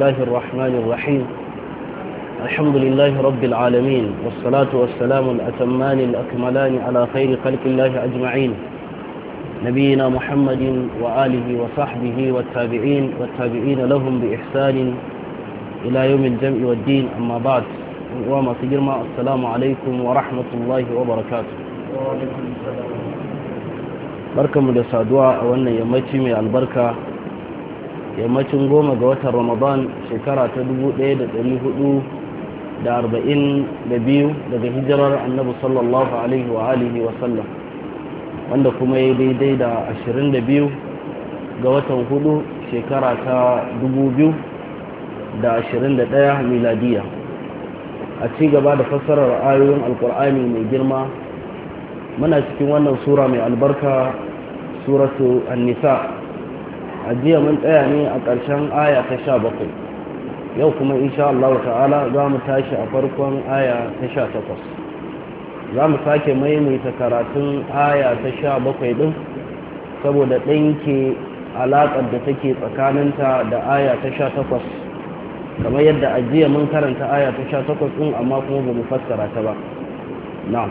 الله الرحمن الرحيم الحمد لله رب العالمين والصلاة والسلام الأتمان الأكملان على خير خلق الله أجمعين نبينا محمد وآله وصحبه والتابعين والتابعين لهم بإحسان إلى يوم الجمع والدين أما بعد وما سجرما السلام عليكم ورحمة الله وبركاته وعليكم السلام بركة مدسادوة وأن يمتي البركة yammacin goma ga watan ramadan shekara ta 1442 daga hijirar annabi sallallahu alaihi wa alihi wa sallam wanda kuma ya daidai da 22 ga watan hudu shekara ta 2021 miladiya a ci gaba da fassarar ayoyin alkur'ani mai girma muna cikin wannan sura mai albarka suratu an-nisa a mun tsaya ne a ƙarshen aya ta sha bakwai yau kuma insha Allah ta'ala za mu tashi a farkon aya ta sha takwas za mu sake maimaita karatun aya ta sha bakwai ɗin saboda ɗanke alaƙar da take tsakaninta da aya ta sha takwas kamar yadda ajiya mun karanta aya ta sha takwas ɗin amma kuma ba mu fassara ta ba na'am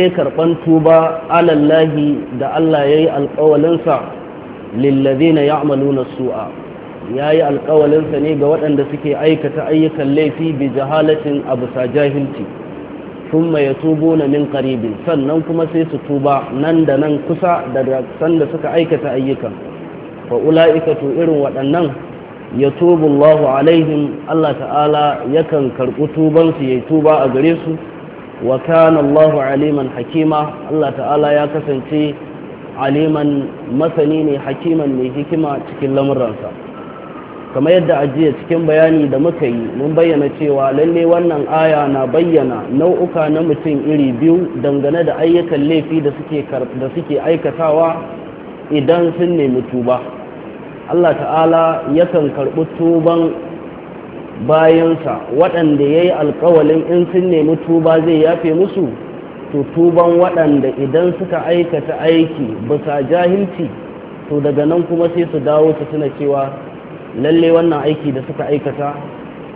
lalle karban tuba alallahi da Allah yayi alƙawalinsa lillazina ya'maluna su'a yayi alƙawalinsa ne ga waɗanda suke aikata ayyukan laifi bi abu abusa jahilci ya yatubuna min ƙaribin sannan kuma sai su tuba nan da nan kusa daga sanda suka aikata ayyukan ba ulaika to irin waɗannan ya Allahu alaihim Allah ta'ala yakan karɓi tubansu ya tuba a gare su wa kana Allahu aliman hakima Allah ta'ala ya kasance aliman masani ne hakiman mai hikima cikin lamuransa kamar yadda ajiya cikin bayani da muka yi mun bayyana cewa lalle wannan aya na bayyana nau'uka na mutum iri biyu dangane da ayyukan laifi da suke da suke aikatawa idan sun nemi tuba Allah ta'ala yakan karɓi tuban bayansa waɗanda ya yi alkawalin in sun nemi tuba zai yafe musu to tuban waɗanda idan suka aikata aiki bisa jahilci to daga nan kuma sai su dawo su tuna cewa lalle wannan aiki da suka aikata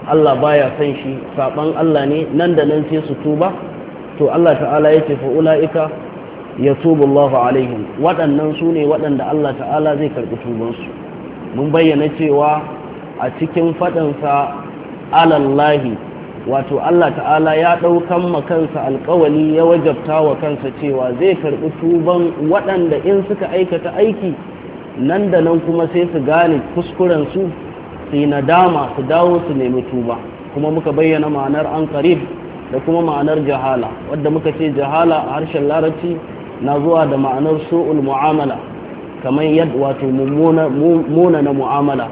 Allah baya son shi saban Allah ne nan da nan sai su tuba to Allah ta'ala ya ce fa'ula'ika ya tubu Allah alaihim waɗannan su ne waɗanda Allah ta'ala zai karɓi tubansu mun bayyana cewa a cikin faɗansa alallahi wato Allah ta'ala ya ɗaukan ma kansa alkawali ya wajabta wa kansa cewa zai karɓi tuban waɗanda in suka aikata aiki nan da nan kuma sai su gane kuskurensu su yi nadama su dawo su nemi tuba kuma muka bayyana ma'anar an karib da kuma ma'anar jahala wadda muka ce jahala a harshen larabci na zuwa da ma'anar su'ul mu'amala kamar yadda wato mummuna na mu'amala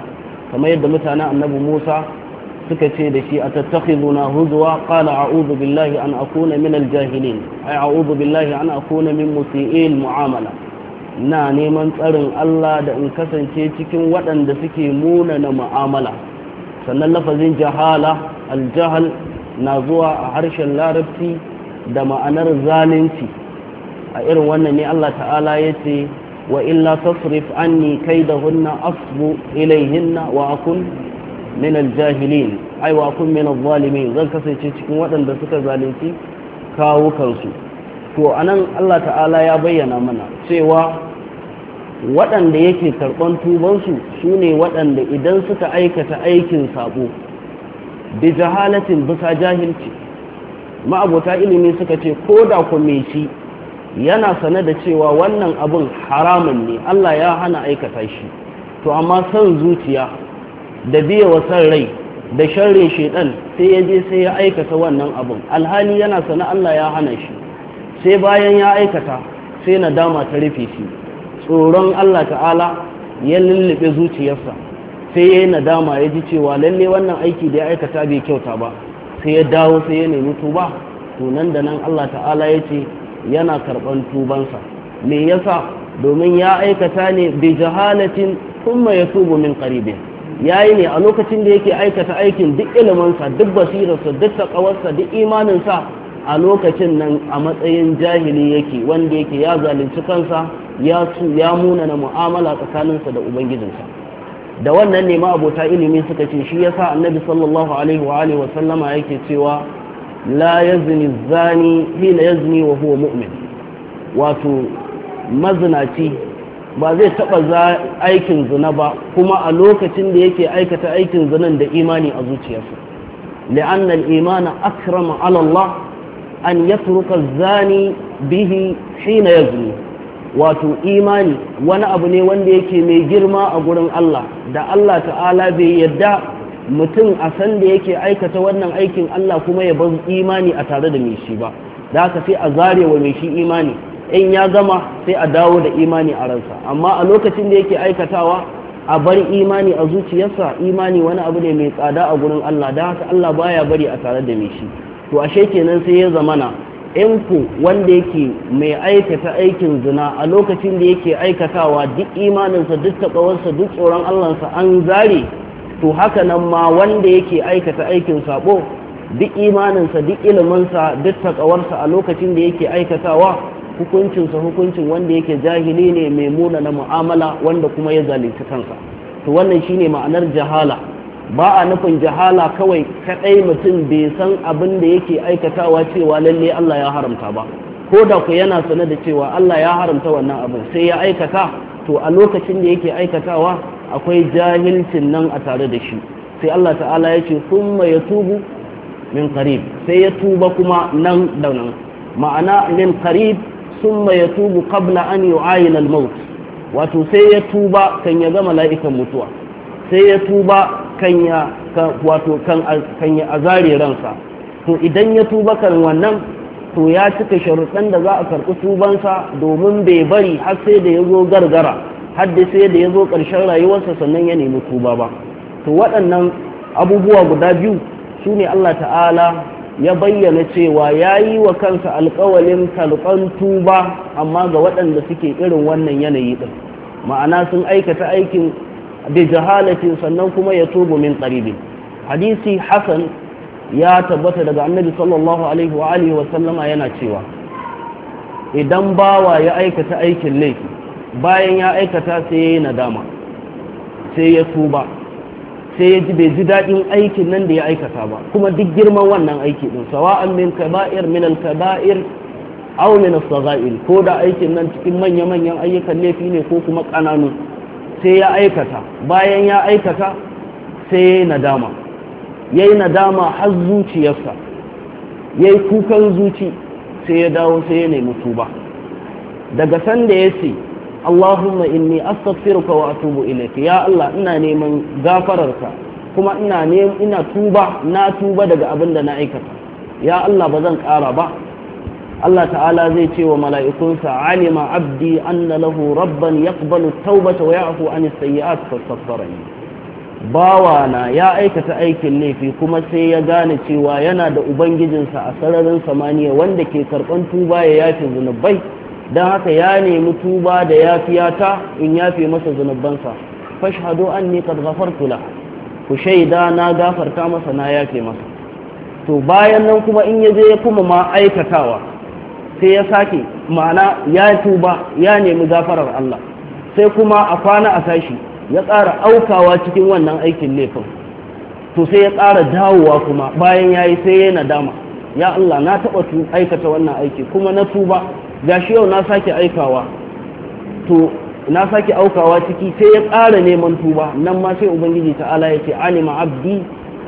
kamar yadda mutanen annabi musa suka ce da shi atattakhizuna huzwa qala a'udhu billahi an akuna min aljahilin ai a'udhu billahi an akuna min musii'il mu'amala na neman tsarin Allah da in kasance cikin waɗanda suke munana mu'amala sannan lafazin jahala aljahal na zuwa a harshen larabci da ma'anar zalunci a irin wannan ne Allah ta'ala ya ce wa illa tasrif anni kaidahunna asbu ilayhinna wa akun min aljahilin aiwa wa kun min zalimin zan kasance cikin waɗanda suka zalunci kawo kansu to anan Allah ta'ala ya bayyana mana cewa waɗanda yake karɓan tubansu su ne waɗanda idan suka aikata aikin sabo bi jahalatin bisa jahilci ma'abota ilimi suka ce ko da ku shi yana sane da cewa wannan abun haramun ne Allah ya hana aikata shi to amma son zuciya da biya wa rai da sharrin shaitan sai ya je sai ya aikata wannan abun alhali yana sana Allah ya hana shi sai bayan ya aikata sai nadama ta rufe shi tsoron Allah ta'ala ya lullube zuciyarsa sai ya yi nadama ya ji cewa lalle wannan aiki da ya aikata bai kyauta ba sai ya dawo sai ya nemi tuba to nan da nan Allah ta'ala ya ce yana karban tubansa me yasa domin ya aikata ne bi jahalatin kuma ya tubu min qaribin ya yi ne a lokacin da yake aikata aikin duk ilimansa duk basirarsa duk taƙawarsa duk imaninsa a lokacin nan a matsayin jahili yake wanda yake ya zalunci kansa ya su ya muna na mu'amala tsakaninsa da ubangijinsa da wannan ne abota ilimi suka ce shi yasa annabi sallallahu alaihi wa alihi wa sallama yake cewa la yazni zani hina yazni wa huwa mu'min wato mazinaci ba zai taɓa aikin zina ba kuma a lokacin da yake aikata aikin zinan da imani a zuciyarsa li'annal imana akrama ala Allah an yatruka zani bihi hina yazni wato imani wani abu ne wanda yake mai girma a gurin Allah da Allah ta'ala bai yadda mutum a san da yake aikata wannan aikin Allah kuma ya bar imani a tare da mai shi ba da haka sai a zarewa mai shi imani in ya gama sai a dawo da imani a ransa amma a lokacin da yake aikatawa a bar imani a zuciyarsa imani wani abu ne mai tsada a gurin Allah da haka Allah baya bari a tare da mishi shi to ashe kenan sai ya zamana in ku wanda yake mai aikata aikin zina a lokacin da yake aikatawa duk imaninsa duk taɓawarsa duk tsoron Allahnsa an zare to haka nan ma wanda yake aikata aikin sabo duk imaninsa duk iliminsa duk taƙawarsa a lokacin da yake aikatawa hukuncinsa hukuncin wanda yake jahili ne mai muna na mu'amala wanda kuma ya zalunci kansa to wannan shine ma'anar jahala ba a nufin jahala kawai kaɗai mutum bai san abin da yake aikatawa cewa lalle Allah ya haramta ba ko da ku yana sane da cewa Allah ya haramta wannan abin sai ya aikata to a lokacin da yake aikatawa akwai jahilcin nan a tare da shi sai Allah ta'ala ya ce ya tubu min qarib sai ya tuba kuma nan da nan ma'ana min qarib summa yatubu kabla an yu'ayila al wato sai ya tuba kan ya gama la'ikan mutuwa sai ya tuba kan ya wato kan ya azare ransa to idan ya tuba kan wannan to ya cika sharuɗan da za a karɓi tubansa domin bai bari har sai da ya zo gargara har da sai da ya zo ƙarshen rayuwarsa sannan ya nemi tuba ba to waɗannan abubuwa guda biyu su ne Allah ta'ala ya bayyana cewa ya yi wa kansa alkawalin talqan tuba amma ga waɗanda suke irin wannan yanayi ɗin ma'ana sun aikata aikin bi jahalatin sannan kuma ya tubu min ƙaribin, hadisi Hassan ya tabbata daga annabi sallallahu alaihi wa alihi wa sallama yana cewa idan bawa ya aikata aikin laifi bayan ya aikata sai ya yi nadama sai ya tuba sai ya ji bai ji daɗin aikin nan da ya aikata ba kuma duk girman wannan aiki din sawa'an min kaba'ir min al-kaba'ir aw min as ko da aikin nan cikin manya manyan ayyukan laifi ne ko kuma kananu sai ya aikata bayan ya aikata sai yi nadama yayi nadama har zuciyarsa yayi kukan zuci sai ya dawo sai ya nemi tuba daga sanda ya ce Allahumma inni astaghfiruka wa atubu ilayka ya Allah ina neman gafararka kuma ina ina tuba na tuba daga abin da na aikata ya Allah ba zan ƙara ba Allah ta'ala zai ce wa mala'ikunsa alima abdi anna lahu rabban yaqbalu taubata wa ya'fu an as-sayyi'at Bawa na ya aikata aikin laifi kuma sai ya gane cewa yana da ubangijinsa a sararin samaniya wanda ke karɓan tuba ya yafe zunubai don haka ya nemi tuba da yafiya ta in yafe masa zunubansa fashhadu anni qad ghafartu la ku shaida na gafarta masa na yafe masa to bayan nan kuma in yaje ya kuma ma aikatawa sai ya sake ma'ana ya tuba ya nemi gafarar Allah sai kuma a kwana a sashi ya ƙara aukawa cikin wannan aikin laifin to sai ya ƙara dawowa kuma bayan ya yi sai ya nadama ya Allah na taɓa aikata wannan aiki kuma na tuba gashi yau na sake aikawa to na sake aukawa ciki sai ya ƙara neman tuba nan ma sai ubangiji ta'ala ya ce alima abdi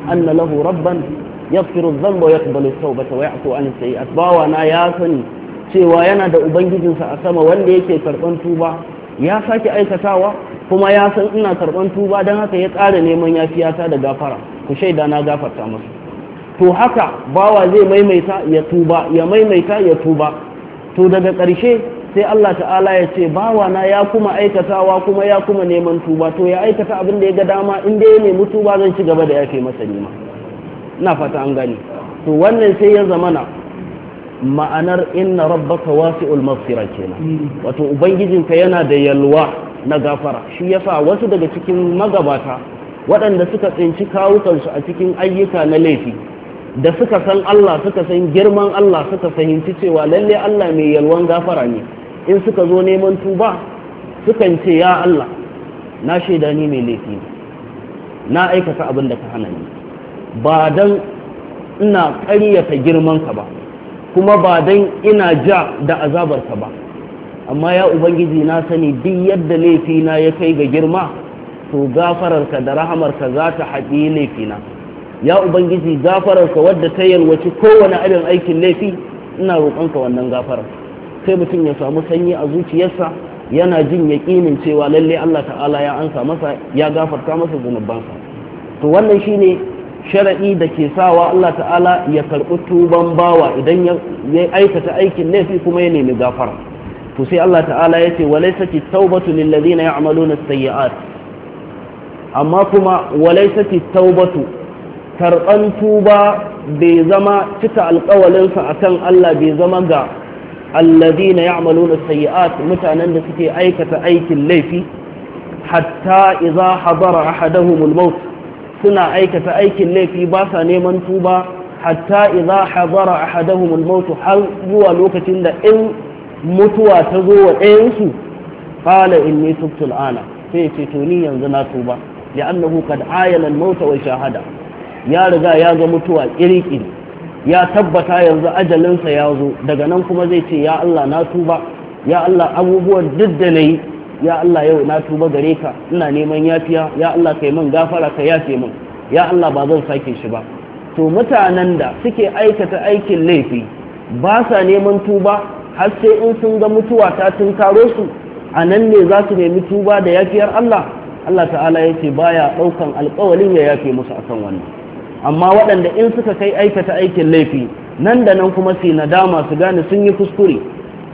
anna lahu rabban yaghfiru dhanba wa yaqbalu tawbata wa ya'fu an sai asbawa na ya sani cewa yana da ubangijinsa a sama wanda yake karban tuba ya sake aikatawa kuma ya san ina karban tuba don haka ya ƙara neman yafiyata da gafara ku shaida na gafarta masa to haka bawa zai maimaita ya tuba ya maimaita ya tuba to daga ƙarshe sai Allah ta'ala ya ce bawana ya kuma aikatawa kuma ya kuma neman tuba to ya aikata abin da ya ga dama in dai ya nemi tuba zan ci gaba da yafe masa nima ina fata an gani to wannan sai ya zama na ma'anar inna rabbaka wasi'ul maghfira kenan wato ka yana da yalwa na gafara shi yasa wasu daga cikin magabata waɗanda suka tsinci kawukansu a cikin ayyuka na laifi da suka san Allah suka san girman Allah suka fahimci cewa lalle Allah mai yalwan gafara ne in suka zo neman tuba sukan ce ya Allah na shaida ni mai laifi na aikata abin da ka hana ni ba dan ina ƙaryata girmanka ba kuma ba dan ina ja da azabarka ba amma ya ubangiji na sani duk yadda laifina ya kai ga girma to gafararka da rahamarka za ta haɗe laifina ya ubangiji gafararka wadda ta yalwaci kowane abin aikin laifi ina roƙonka wannan gafarar sai mutum ya samu sanyi a zuciyarsa yana jin yaƙinin cewa lalle Allah ta'ala ya ansa masa ya gafarta masa zunubansa to wannan shine sharaɗi da ke sawa Allah ta'ala ya karɓi tuban bawa idan ya aikata aikin laifi kuma ya nemi gafara to sai Allah ta'ala ya ce walaysa at-taubatu lil ladina ya'maluna sayyiat amma kuma walaysa at-taubatu karɓan tuba bai zama cika alƙawalinsa a kan Allah bai zama ga alladina ya amalu na sayi'at mutanen da suke aikata aikin laifi hatta iza habara ahadahumul maut suna aikata aikin laifi ba sa neman tuba hatta iza habara ahadahumul maut har zuwa lokacin da in mutuwa ta zo wa ɗayansu in inni tubtu ana sai ce to ni yanzu na tuba li'annahu kad ayala al-maut wa shahada ya riga ya ga mutuwa kiri ya tabbata yanzu ajalinsa ya zo daga nan kuma zai ce ya Allah na tuba ya Allah abubuwan duk da nayi ya Allah yau na tuba gare ka ina neman yafiya ya Allah kai min gafara ka yafe min ya Allah ba zan sake shi ba to mutanen da suke aikata aikin laifi ba sa neman tuba har sai in sun ga mutuwa ta tunkaro su a nan ne za su nemi tuba da yafiyar Allah Allah ta'ala ya ce baya ɗaukan alƙawalin ya yafe musu akan wannan amma waɗanda in suka kai aikata aikin laifi nan da nan kuma su nadama su gane sun yi kuskure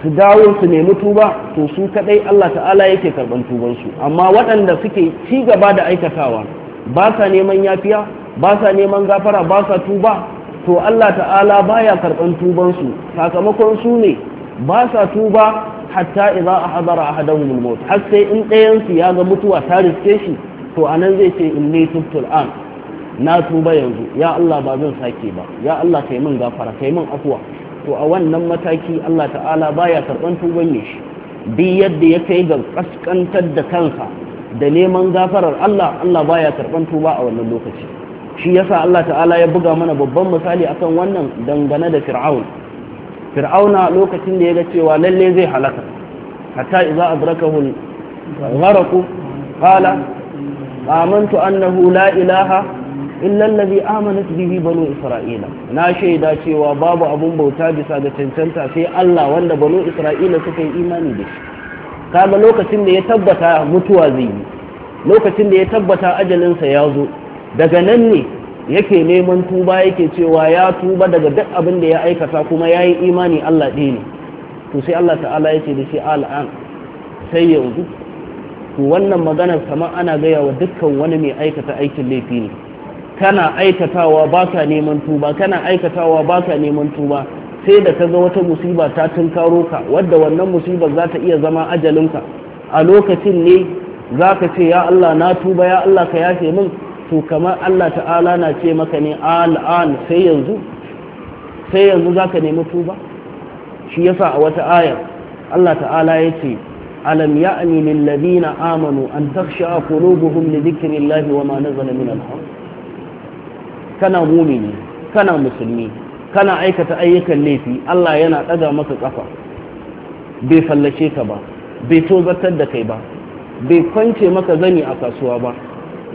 su dawo su nemi tuba to su kadai Allah ta'ala yake karban tubansu amma waɗanda suke ci gaba da aikatawa ba sa neman yafiya ba sa neman gafara ba sa tuba to Allah ta'ala baya karban tubansu sakamakon su ne ba sa tuba hatta idza ahdara hazara al-maut har sai in ɗayan su ya ga mutuwa ta riske shi to anan zai ce inni tubtul an na tuba yanzu ya Allah ba zan sake ba ya Allah kai min gafara kai min afuwa to a wannan mataki Allah ta'ala baya karban tuban ne shi bi yadda ya kai ga kaskantar da kansa da neman gafarar Allah Allah baya karban tuba a wannan lokaci shi yasa Allah ta'ala ya buga mana babban misali akan wannan dangane da Fir'aun Fir'auna lokacin da ya ga cewa lalle zai halaka hatta idza adrakahu al-gharq qala amantu annahu la ilaha illa allazi amanat bihi banu isra'ila na shaida cewa babu abun bauta bisa ga cancanta sai Allah wanda banu isra'ila suka yi imani da shi kaga lokacin da ya tabbata mutuwa zai yi lokacin da ya tabbata ajalinsa ya zo daga nan ne yake neman tuba yake cewa ya tuba daga duk abin da ya aikata kuma ya yi imani Allah ɗaya ne to sai Allah ta'ala ya ce da shi al'an sai yanzu to wannan maganar sama ana gaya wa dukkan wani mai aikata aikin laifi ne kana aikatawa ba ka neman tuba kana aikatawa ba ka neman tuba sai da ka ga wata musiba ta tunkaro ka wadda wannan musiba za ta iya zama ajalinka a lokacin ne za ka ce ya Allah na tuba ya Allah ka yafe min to kamar Allah ta'ala na ce maka ne al'an sai yanzu sai yanzu za ka nemi tuba shi yasa a wata ayar Allah ta'ala ya ce alam ya'ni lil ladina amanu an takhsha qulubuhum li dhikrillahi wa ma nazala min al-haqq kana mumini kana musulmi kana aikata ayyukan laifi Allah yana ɗaga maka kafa bai fallace ka ba bai tozartar da kai ba bai kwance maka zani a kasuwa ba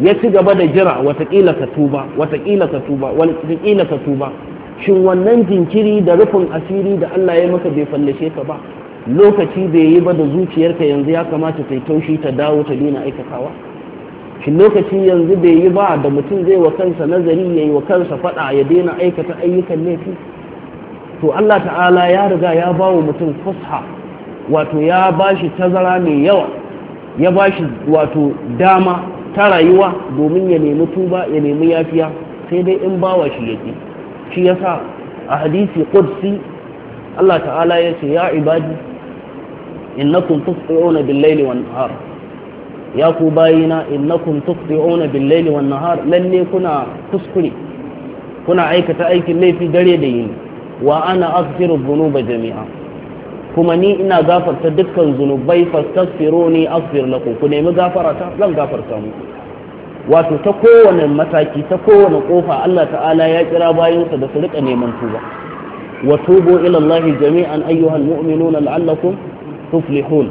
ya ci gaba da jira watakila ka tuba watakila ka tuba watakila ka tuba shin wannan jinkiri da rufin asiri da Allah ya maka bai fallace ka ba lokaci bai yi ba da zuciyarka yanzu ya kamata ta yi taushi ta dawo ta dina aikatawa shi lokacin yanzu bai yi ba da mutum zai wa kansa nazari ya yi wa kansa faɗa ya daina aikata ayyukan laifi to Allah ta'ala ya riga ya ba wa mutum fusha wato ya ba shi tazara mai yawa ya ba shi wato dama ta rayuwa domin ya nemi tuba ya nemi yafiya sai dai in ba wa shi ya yake shi ya sa a hadisi ƙudsi Allah ta'ala ya ce ya ibadi innakum tusbi'una bil-laili wan-nahar ya ku bayina innakum tuqti'una bil-laili wan-nahar lalle kuna kuskure kuna aikata aikin laifi dare da yini wa ana aghfiru dhunuba jami'a kuma ni ina gafarta dukkan zunubai fastaghfiruni aghfir lakum ku nemi gafarata zan gafarta muku wato ta kowane mataki ta kowane kofa Allah ta'ala ya kira bayinsa da su rika neman tuba wa tubu ila Allah jami'an ayyuhal mu'minuna la'allakum tuflihun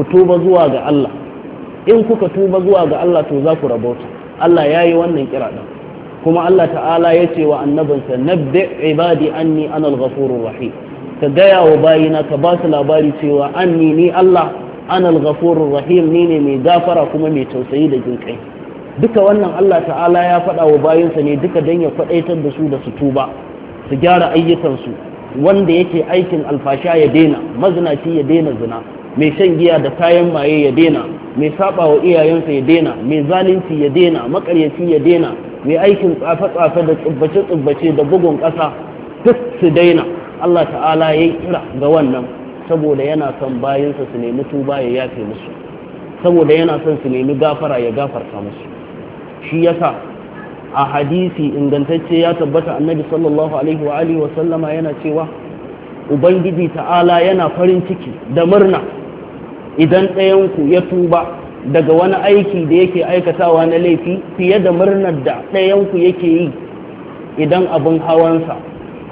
ku tuba zuwa ga Allah in kuka tuba zuwa ga Allah to za ku rabauta Allah ya yi wannan kira ɗin kuma Allah ta'ala ya ce wa annabinsa nabbi ibadi anni ana al-ghafurur rahim ka gaya wa bayina ka ba su labari cewa anni ni Allah ana ghafurur rahim ni ne mai gafara kuma mai tausayi da jin kai duka wannan Allah ta'ala ya faɗa wa bayinsa ne duka dan ya kwaɗaitar da su da su tuba su gyara ayyukansu wanda yake aikin alfasha ya daina mazinaci ya daina zina mai shan giya da kayan maye ya dena mai saba wa iyayensa ya dena mai zalunci ya dena makaryaci ya dena mai aikin tsafe-tsafe da tsubbace-tsubbace da bugun ƙasa duk su daina Allah ta'ala ya kira ga wannan saboda yana son bayansa su nemi tuba ya yafe musu saboda yana son su nemi gafara ya gafarta musu shi yasa a hadisi ingantacce ya tabbata annabi sallallahu alaihi wa alihi wa sallama yana cewa ubangiji ta'ala yana farin ciki da murna idan ɗayanku ya tuba daga wani aiki da yake aikatawa na laifi fiye da murnar da ɗayanku yake yi idan abin hawansa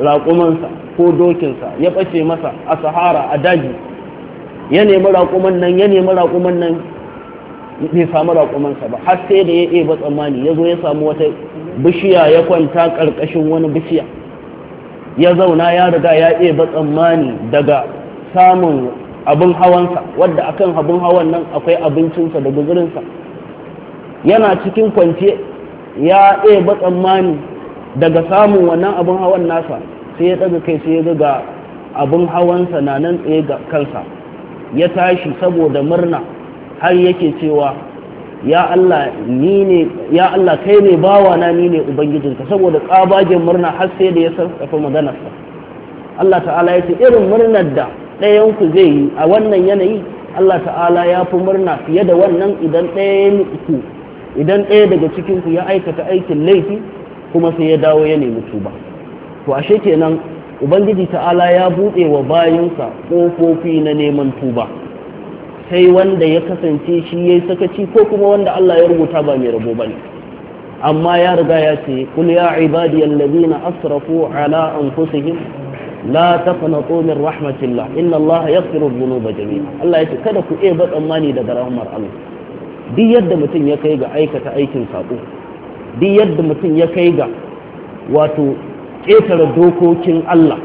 raƙumansa ko dokinsa ya ɓace masa a sahara a daji ya nemi raƙuman nan ya nemi raƙuman nan bai samu raƙumansa ba har sai da ya ba tsammani ya zo ya samu wata bishiya ya kwanta ƙarƙashin wani bishiya ya zauna ya riga ya ba tsammani daga samun abin hawansa wadda akan abin hawan nan akwai abincinsa da guzurinsa yana cikin kwance ya ɗaya ba tsammani daga samun wannan abin hawan nasa sai ya ɗaga kai sai ya ga abin hawansa na nan tsaye ga kansa ya tashi saboda murna har yake cewa ya Allah kai ne bawa na ni ne ubangijinka saboda ƙabagen murna har sai da ya sarrafa maganarsa Allah ta'ala ya ce irin murnar da ɗayanku zai yi a wannan yanayi Allah ta'ala ya fi murna fiye da wannan idan ku idan ɗaya daga cikinku ya aikata aikin laifi kuma sai ya dawo ya nemi tuba to ashe kenan ubangiji ta'ala ya buɗe wa bayansa ƙofofi na neman tuba sai wanda ya kasance shi ya yi sakaci ko kuma wanda Allah ya rubuta ba mai rabo ba ne amma ya riga ya ce kul ya ladina asrafu ala anfusihim la taqnatu min rahmatillah inna Allah yaghfiru dhunuba jami'a Allah ya ce kada ku iya ba tsammani daga rahmar Allah duk yadda mutum ya kai ga aikata aikin sako duk yadda mutum ya kai ga wato ƙetare dokokin Allah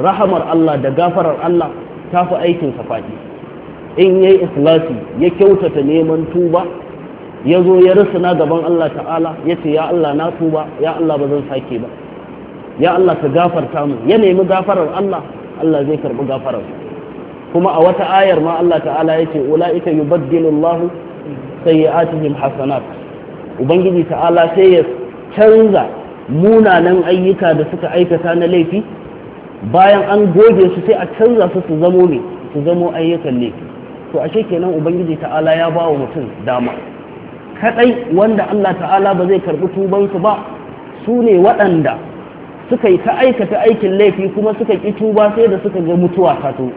rahmar Allah da gafarar Allah ta fi aikinsa faɗi in ya yi ikhlasi ya kyautata neman tuba ya rasa ya rusuna gaban Allah ta'ala ya ce ya Allah na tuba ya Allah ba zan sake ba ya Allah ka gafarta mu ya nemi gafarar Allah Allah zai karbi gafarar kuma a wata ayar ma Allah ta'ala yake ulaika yubaddilu Allahu sayyi'atihim hasanat ubangiji ta'ala sai ya canza munanan ayyuka da suka aikata na laifi bayan an goge su sai a canza su su zamo ne su zamo ayyukan laifi to ashe kenan ubangiji ta'ala ya ba wa mutum dama kadai wanda Allah ta'ala ba zai karbi tubansu ba su ne waɗanda suka yi ta aikata aikin laifi kuma suka ki tuba sai da suka ga mutuwa ta to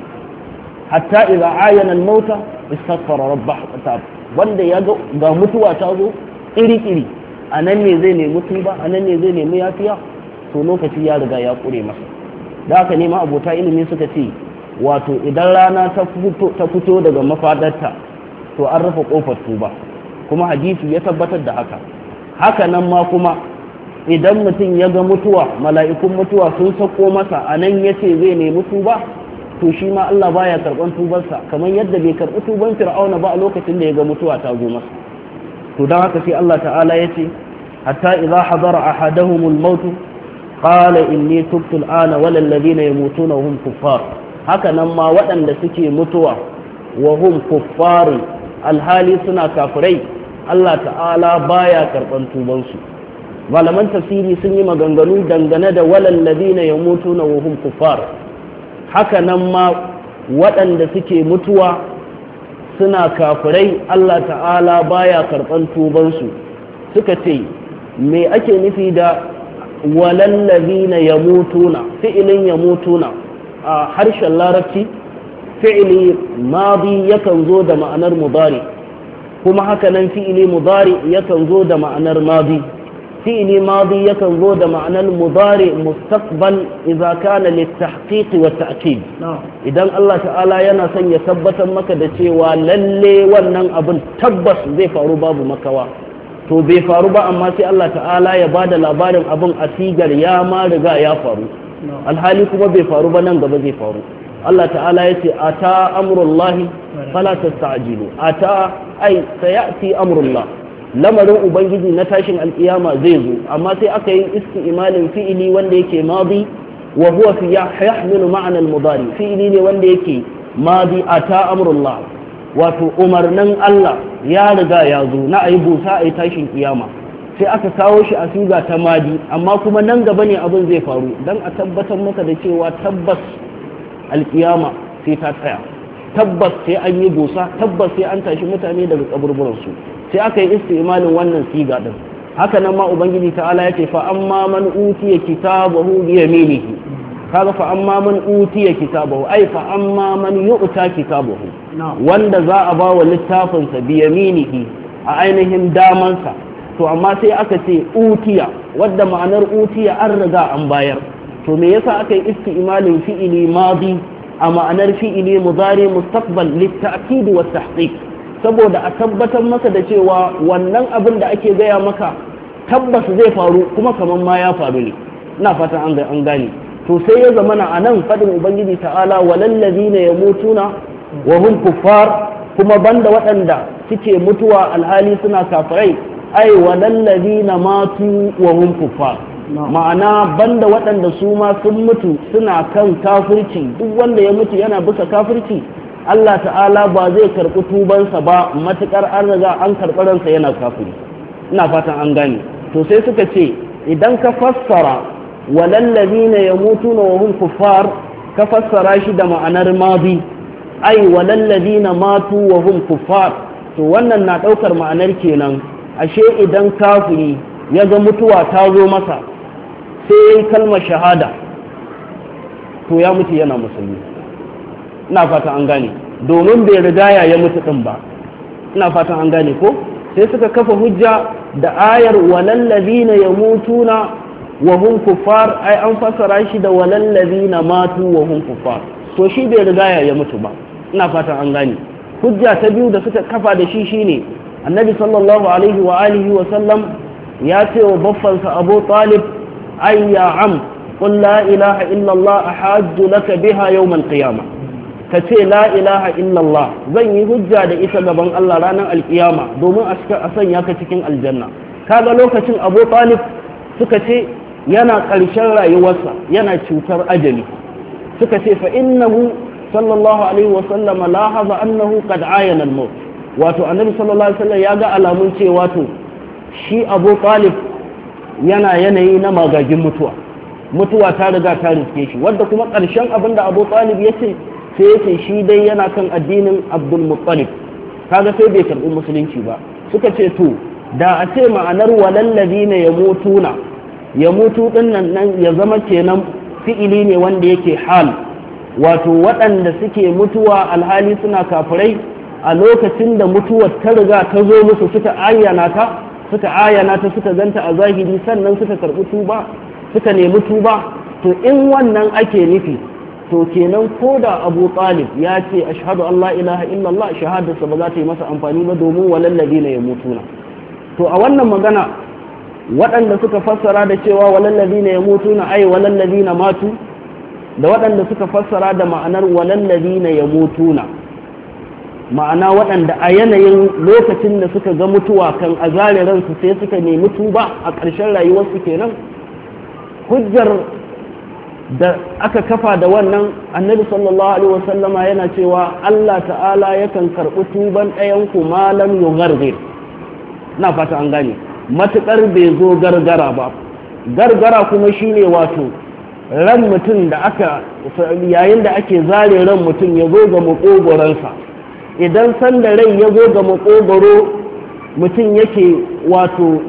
hatta idza ayana al-mauta istaghfara rabbahu tab wanda ya ga mutuwa ta zo iri iri anan ne zai nemi tuba anan ne zai nemi yafiya to lokaci ya riga ya kure masa da haka ne ma abota ilimi suka ce wato idan rana ta fito daga mafadarta to an rufe kofar tuba kuma hadisi ya tabbatar da haka haka nan ma kuma idan mutum ya ga mutuwa mala'ikun mutuwa sun sauko masa a nan ya ce zai nemi tuba to shi ma Allah baya karɓan tubansa kamar yadda bai karɓi tuban fir'auna ba a lokacin da ya ga mutuwa ta zo masa to don haka sai Allah ta'ala ya ce hatta idza hadara ahaduhumul maut qala inni tubtu al'ana wal ladina yamutuna hum kuffar haka nan ma waɗanda suke mutuwa wa hum kuffarin alhali suna kafirai Allah ta'ala baya karɓan tubansu malaman tafsiri sun yi maganganu dangane da na ya mutu na wuhun kuffar haka nan ma waɗanda suke mutuwa suna kafirai Allah ta'ala baya karɓan tubansu suka ce me ake nufi da walal ladina yamutuna fi'ilin na a harshen larabci fi'ili mabi yakan zo da ma'anar mudari kuma haka nan fi'ili mubari yakan zo da ma'anar madi fi'li madi yakan zo da ma'anar mudari mustaqbal idza kana litahqiq wa ta'kid idan Allah ta'ala yana son ya tabbatar maka da cewa lalle wannan abin tabbas zai faru babu makawa to bai faru ba amma sai Allah ta'ala ya bada labarin abin a sigar ya ma riga ya faru alhali kuma bai faru ba nan gaba zai faru Allah ta'ala ya ce ata amrullahi fala tasta'jilu ata ai sayati amrullah lamarin ubangiji na tashin alkiyama zai zo amma sai aka yi imanin fi'ili wanda yake madi wa huwa fi yahmilu ma'ana al-mudari fi'ili ne wanda yake madi ata amrullah wato umarnin Allah ya riga ya zo na ayi busa ayi tashin kiyama sai aka kawo shi a siga ta madi amma kuma nan gaba ne abin zai faru dan a tabbatar maka da cewa tabbas alkiyama sai ta tsaya tabbas sai an yi busa tabbas sai an tashi mutane daga kaburburansu sai aka yi istimalin wannan siga din haka nan ma ubangiji ta'ala ya ce fa amma man utiya kitabahu bi yaminihi kaga fa amma man utiya kitabahu ai fa amma man yu'ta kitabahu wanda za a ba wa littafin sa bi yaminihi a ainihin damansa to amma sai aka ce utiya wadda ma'anar utiya an riga an bayar to me yasa aka yi istimalin fi'ili madi a ma'anar fi'ili muzari mustaqbal litta'kid wa tahqiq saboda a tabbatar maka da cewa wannan abin da ake gaya maka tabbas zai faru kuma kaman ma ya faru ne ina fatan an gani. to sai ya zamana na anan faɗin ubangiji ta'ala walal ladina yamutuna wa hum kuffar kuma banda waɗanda suke mutuwa alhali suna kafirai ai walal ladina matu wa hum kuffar ma'ana banda waɗanda su ma sun mutu suna kan kafirci duk wanda ya mutu yana bisa kafirci Allah ta'ala ba zai karɓi tubansa ba matuƙar an riga an karɓi ransa yana kafiri ina fatan an gane to sai suka ce idan ka fassara walallazina yamutuna wa hum kuffar ka fassara shi da ma'anar mabi ai na matu wa hum kuffar to wannan na ɗaukar ma'anar kenan ashe idan kafiri ya ga mutuwa ta zo masa sai yin kalmar shahada to ya mutu yana musulmi ina fatan an gane domin bai rigaya ya mutu din ba ina fatan an gane ko sai suka kafa hujja da ayar walal ladina yamutuna wa hum kuffar ai an fasara shi da walal ladina matu wa hum kuffar to shi bai rigaya ya mutu ba ina fatan an gane hujja ta biyu da suka kafa da shi shine annabi sallallahu alaihi wa alihi wa sallam ya ce wa baffansa abu talib ai ya am qul la ilaha illa Allah ahajju laka biha yawm al-qiyamah kace la ilaha illa zan yi hujja da ita gaban Allah ranar alkiyama domin a sanya ka cikin aljanna kaga lokacin Abu Talib suka ce yana ƙarshen rayuwarsa yana cutar ajali suka ce fa innahu sallallahu alaihi wasallama lahaza annahu qad ayana al-maut wato annabi sallallahu alaihi wasallam ya ga alamun cewa to shi yana yanayi na magagin mutuwa mutuwa ta riga ta riske shi wadda kuma ƙarshen abin da abu talib ya ce sai ya shi dai yana kan addinin abdul muttalib kaga sai bai karɓi musulunci ba suka ce to da a ce ma'anar walallazi ne ya mutu na ya mutu nan ya zama kenan fi'ili ne wanda yake hal wato waɗanda suke mutuwa alhali suna kafirai a lokacin da mutuwar ta riga ta zo musu suka ayyana ta suka ayana ta suka zanta a zahiri sannan suka karɓi tuba suka nemi tuba to in wannan ake nufi to kenan ko da abu talib ya ce ashhadu an ilaha illallah shahadarsa ba za ta yi masa amfani ba domin walallabi na ya mutuna to a wannan magana waɗanda suka fassara da cewa walallabi na ya mutuna ai walallabi na matu da waɗanda suka fassara da ma'anar walallabi na ya mutuna ma'ana waɗanda a yanayin lokacin da suka ga mutuwa kan a zare ransu sai suka nemi tuba a ƙarshen rayuwarsu kenan hujjar da aka kafa da wannan annabi sallallahu alaihi wasallama yana cewa Allah ta'ala yakan karɓi tuban ɗayan ku malam yughargir na fata an gane matuƙar bai zo gargara ba gargara kuma shi ne wato ran mutum da aka yayin da ake zare ran mutum ya zo ga makogoransa idan sanda rai ya goga makogoro mutum yake wato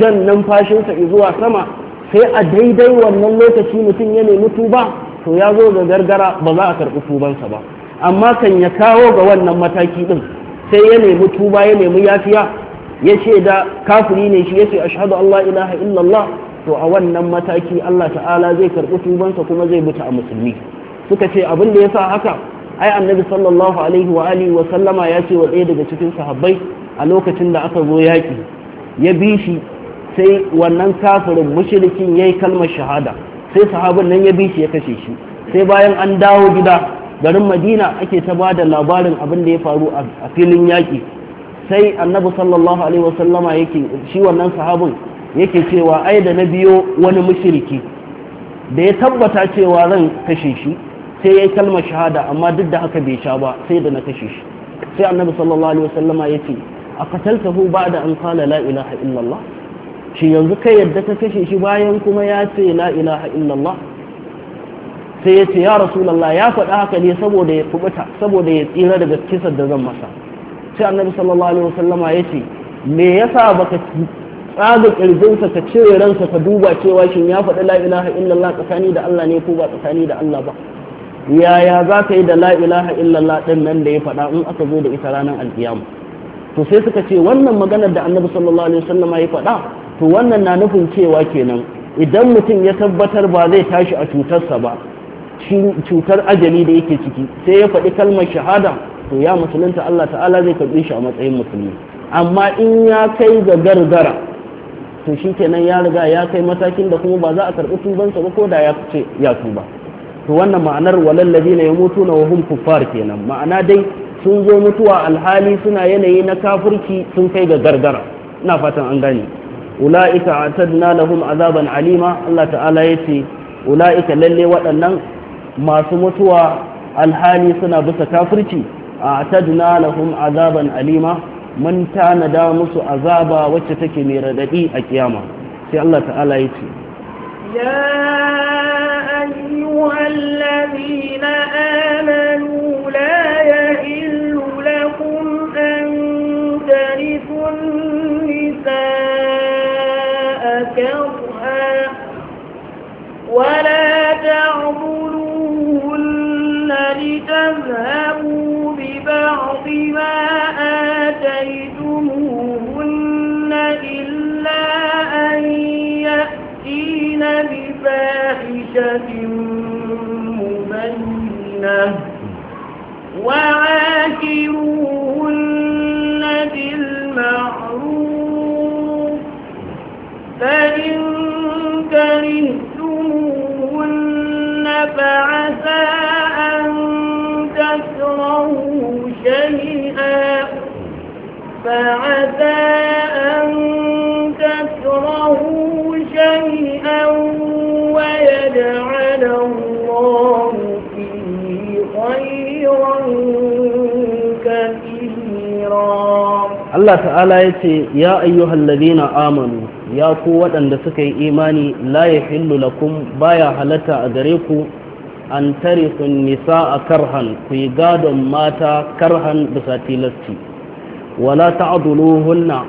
jan numfashinsa zuwa sama sai a daidai wannan lokaci mutum ya nemi tuba to ya zo ga gargara ba za a karɓi tubansa ba amma kan ya kawo ga wannan mataki ɗin sai ya nemi tuba ya nemi yafiya ya ce da kafiri ne shi ya ce ashhadu Allah ilaha illallah to a wannan mataki Allah ta'ala zai karɓi tubansa kuma zai buta a musulmi suka ce abin da ya sa haka ai annabi sallallahu alaihi wa alihi wa sallama ya ce wa ɗaya daga cikin sahabbai a lokacin da aka zo yaƙi ya bi shi sai wannan kafirin mushrikin yayi kalmar shahada sai sahabban nan ya bi shi ya kashe shi sai bayan an dawo gida garin madina ake ta ba da labarin abin da ya faru a filin yaƙi sai annabi sallallahu alaihi sallama yake shi wannan sahabin yake cewa ai da na biyo wani mushriki da ya tabbata cewa zan kashe shi sai ya yi kalmar shahada amma duk da haka bai sha ba sai da na kashe shi sai annabi sallallahu alaihi wasallama ya ce a qataltahu ba'da an qala la ilaha illallah shi yanzu kai yadda ka kashe shi bayan kuma ya ce la ilaha illallah sai ya ce ya rasulallah ya faɗa haka ne saboda ya kubuta saboda ya tsira daga kisar da zan masa sai annabi sallallahu alaihi wasallama ya ce me yasa baka tsaga kirjinsa ka cire ransa ka duba cewa shin ya faɗi la ilaha illallah tsakani da Allah ne ko ba tsakani da Allah ba yaya za ka yi da la ilaha illallah ɗin nan da ya faɗa in aka zo da ita ranar alkiyama to sai suka ce wannan maganar da annabi sallallahu alaihi wasallam ya faɗa to wannan na nufin cewa kenan idan mutum ya tabbatar ba zai tashi a cutarsa ba cutar ajali da yake ciki sai ya faɗi kalmar shahada to ya musulunta Allah ta'ala zai karɓi shi a matsayin musulmi amma in ya kai ga gargara to shi kenan ya riga ya kai matakin da kuma ba za a karɓi tubansa ba ko da ya ce ya tuba to wannan ma'anar walal ladina yamutuna wa hum kuffar kenan ma'ana dai sun zo mutuwa alhali suna yanayi na kafirci sun kai ga gargara ina fatan an gane ula'ika atadna lahum azaban alima Allah ta'ala ce ula'ika lalle waɗannan masu mutuwa alhali suna bisa kafirci atadna lahum azaban alima mun tanada musu azaba wacce take mai raɗaɗi a kiyama sai Allah ta'ala ce. يا أيها الذين آمنوا لا يهل لكم أن ترثوا النساء كرها ولا تعبدوهن لتذهبوا ببعض ما آتيتم يأتين بفاحشة مبينة وعاكروهن بالمعروف فإن كرهتموهن فعسى أن تكرهوا شيئا فعسى Allah ta'ala ya ce ya ayyuhal ladina amanu ya ku waɗanda suka yi imani la ya hillu lakum baya halatta a gare ku an tare sun nisa a karhan ku yi gadon mata karhan bisa tilasti wala ta'duluhunna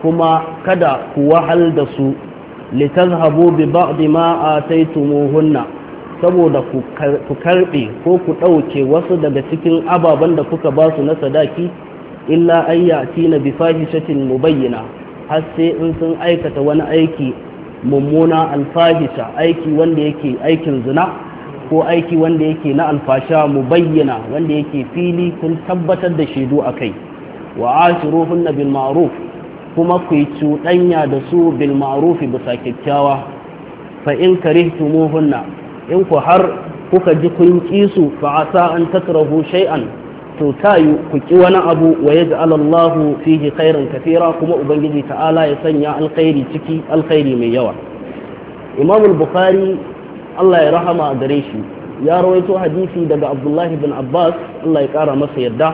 kuma kada ku wahal da su litazhabu bi ba'di ma ataytumuhunna saboda ku karbe ko ku dauke wasu daga cikin ababan da kuka ba su na sadaki illa an yati na mu mubayyana har sai in sun aikata wani aiki mummuna alfahisha aiki wanda yake aikin zina ko aiki wanda yake na alfasha mubayyana wanda yake fili kun tabbatar da shaidu a kai wa ashiruhunna bil ma'ruf kuma ku yi cuɗanya da su bil ma'ruf bisa kyakkyawa fa in karihtumuhunna in ku har kuka ji kun kisu fa asa an takrahu shay'an to tayu ku ki wani abu wa alallahu Allahu fihi kairan kafira kuma ubangiji ta'ala ya sanya alkhairi ciki alkhairi mai yawa imamul al-Bukhari Allah ya rahama gare shi ya rawaito hadisi daga Abdullah bin Abbas Allah ya kara masa yadda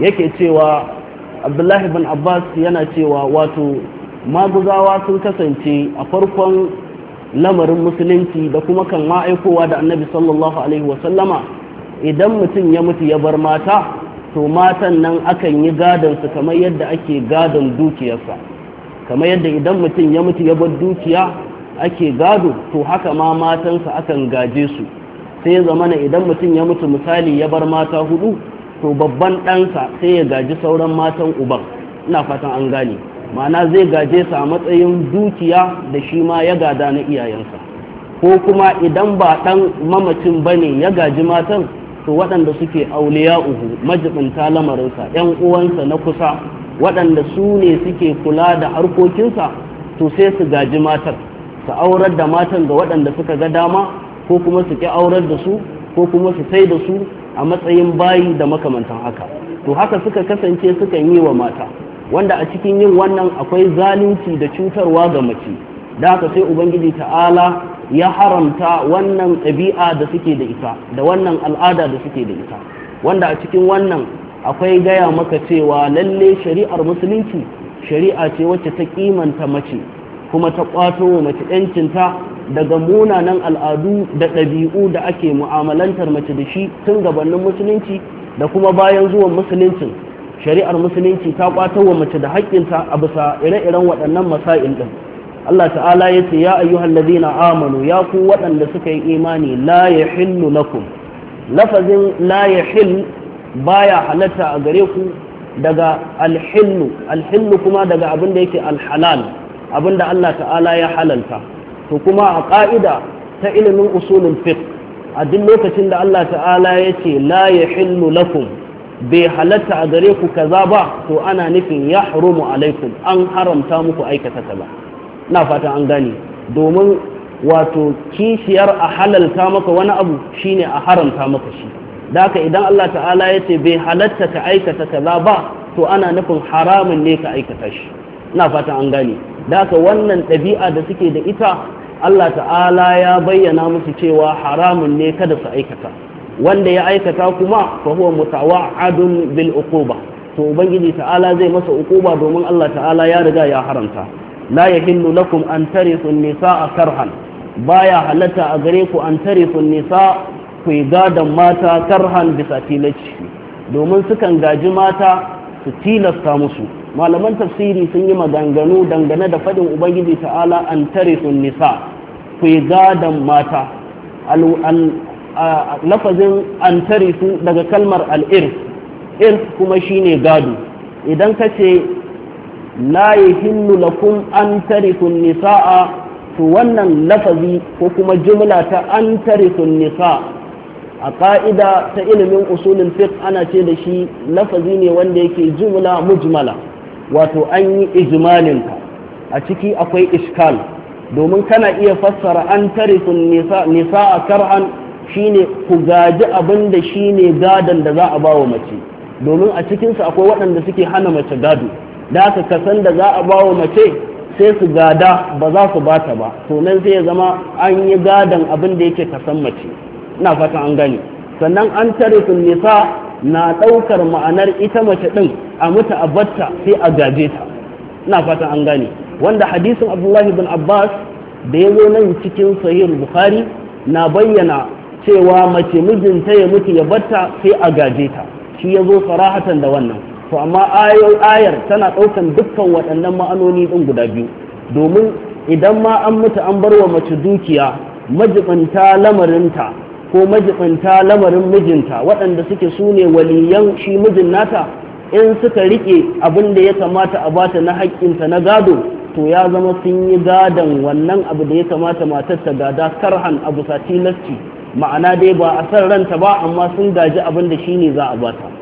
yake cewa Abdullah bin Abbas yana cewa wato maguzawa sun kasance a farkon lamarin musulunci da kuma kan ma'aikowa da annabi sallallahu alaihi sallama. idan mutum ya mutu ya bar mata to matan nan akan yi gadonsu kamar yadda ake gadon dukiyarsa kamar yadda idan mutum ya mutu ya bar dukiya ake gado to haka ma matansa akan gaje su sai zamana idan mutum ya mutu misali ya bar mata hudu to babban ɗansa sai ya gaji sauran matan uban ina fatan an gane ma'ana zai gaje sa a matsayin dukiya da shi ma ya gada na iyayensa ko kuma idan ba ɗan mamacin bane ya gaji matan to waɗanda suke auliya uku, majibinta lamarinsa ‘yan uwansa na kusa waɗanda su ne suke kula da harkokinsa to sai su gaji matar su aurar da matan ga waɗanda suka ga dama ko kuma su ƙi aurar da su ko kuma su sai da su a matsayin bayi da makamantan haka to haka suka kasance sukan yi wa mata wanda a cikin yin wannan akwai zalunci da cutarwa ga mace da haka sai ubangiji ta'ala ya haramta wannan ɗabi'a da suke da ita da wannan al'ada da suke da ita wanda a cikin wannan akwai gaya maka cewa lalle shari'ar musulunci shari'a ce wacce ta kimanta mace kuma ta kwato mace ƴancinta daga munanan al'adu da ɗabi'u da ake mu'amalantar mace da shi tun gabanin musulunci da kuma bayan zuwan musuluncin shari'ar musulunci ta ƙwato wa mace da haƙƙinta a bisa ire-iren waɗannan masail ɗin Allah ta'ala ya ce ya ayyuhal ladina amanu ya ku waɗanda suka yi imani la yahillu lakum lafazin la yahill baya halatta a gare ku daga alhillu alhillu kuma daga abin da yake alhalal abin da Allah ta'ala ya halalta to kuma a ƙa'ida ta ilimin usulun fiqh a duk lokacin da Allah ta'ala ya ce la yahillu lakum bai halatta a gare ku kaza ba to ana nufin ya haramu alaikum an haramta muku aikata ba na fatan an gane domin wato kishiyar a halalta maka wani abu shine a haramta maka shi da haka idan Allah ta'ala ya ce bai halatta ka aikata kaza ba to ana nufin haramun ne ka aikata shi na fatan an gane da haka wannan ɗabi'a da suke da ita Allah ta'ala ya bayyana musu cewa haramun ne kada su aikata wanda ya aikata kuma fa huwa adun bil uquba to ubangiji ta'ala zai masa uquba domin Allah ta'ala ya riga ya haramta la yahillu lakum an tarithu an-nisaa karhan baya halatta a gare ku an tarithu an-nisaa mata karhan bisa tilaci domin sukan gaji mata su tilasta musu malaman tafsiri sun yi ma ganganu dangane da faɗin ubangiji ta'ala an tarithu an-nisaa mata lafazin an tarisu daga kalmar al-irth irth kuma shine gado idan ka ce la yahillu lakum an tarikun nisa'a wannan lafazi ko kuma jumla ta an tarikun nisa a ka'ida ta ilimin usulin fiqh ana ce da shi lafazi ne wanda yake jumla mujmala wato an yi ijmalin a ciki akwai iskal domin kana iya fassara an tarikun nisa'a kar'an shine ku gaji abin da shine gadon da za a ba wa mace domin a cikinsu akwai waɗanda suke hana mace gado da aka kasan da za a bawa mace sai su gada ba za su bata ba to nan zai zama an yi gadan abin da yake kasan mace ina fatan an gani sannan an tare tarifin nisa na ɗaukar ma'anar ita mace ɗin a mutu a sai a gaje ta ina fatan an gani wanda hadisin abdullahi bin abbas da ya zo nan cikin sahih bukhari na bayyana cewa mace mijinta ya mutu ya batta sai a gaje ta shi ya zo sarahatan da wannan to amma ayar tana ɗaukan dukkan waɗannan ma'anoni ɗin guda biyu domin idan ma an mutu an bar wa mace dukiya majibanta lamarinta ko majibanta lamarin mijinta waɗanda suke sune ne waliyan shi mijin nata in suka riƙe abin da ya kamata a bata na haƙƙinta na gado to ya zama sun yi gadon wannan abu da ya kamata matar ta gada karhan abu sati ma'ana dai ba a san ranta ba amma sun gaji abin da shi ne za a bata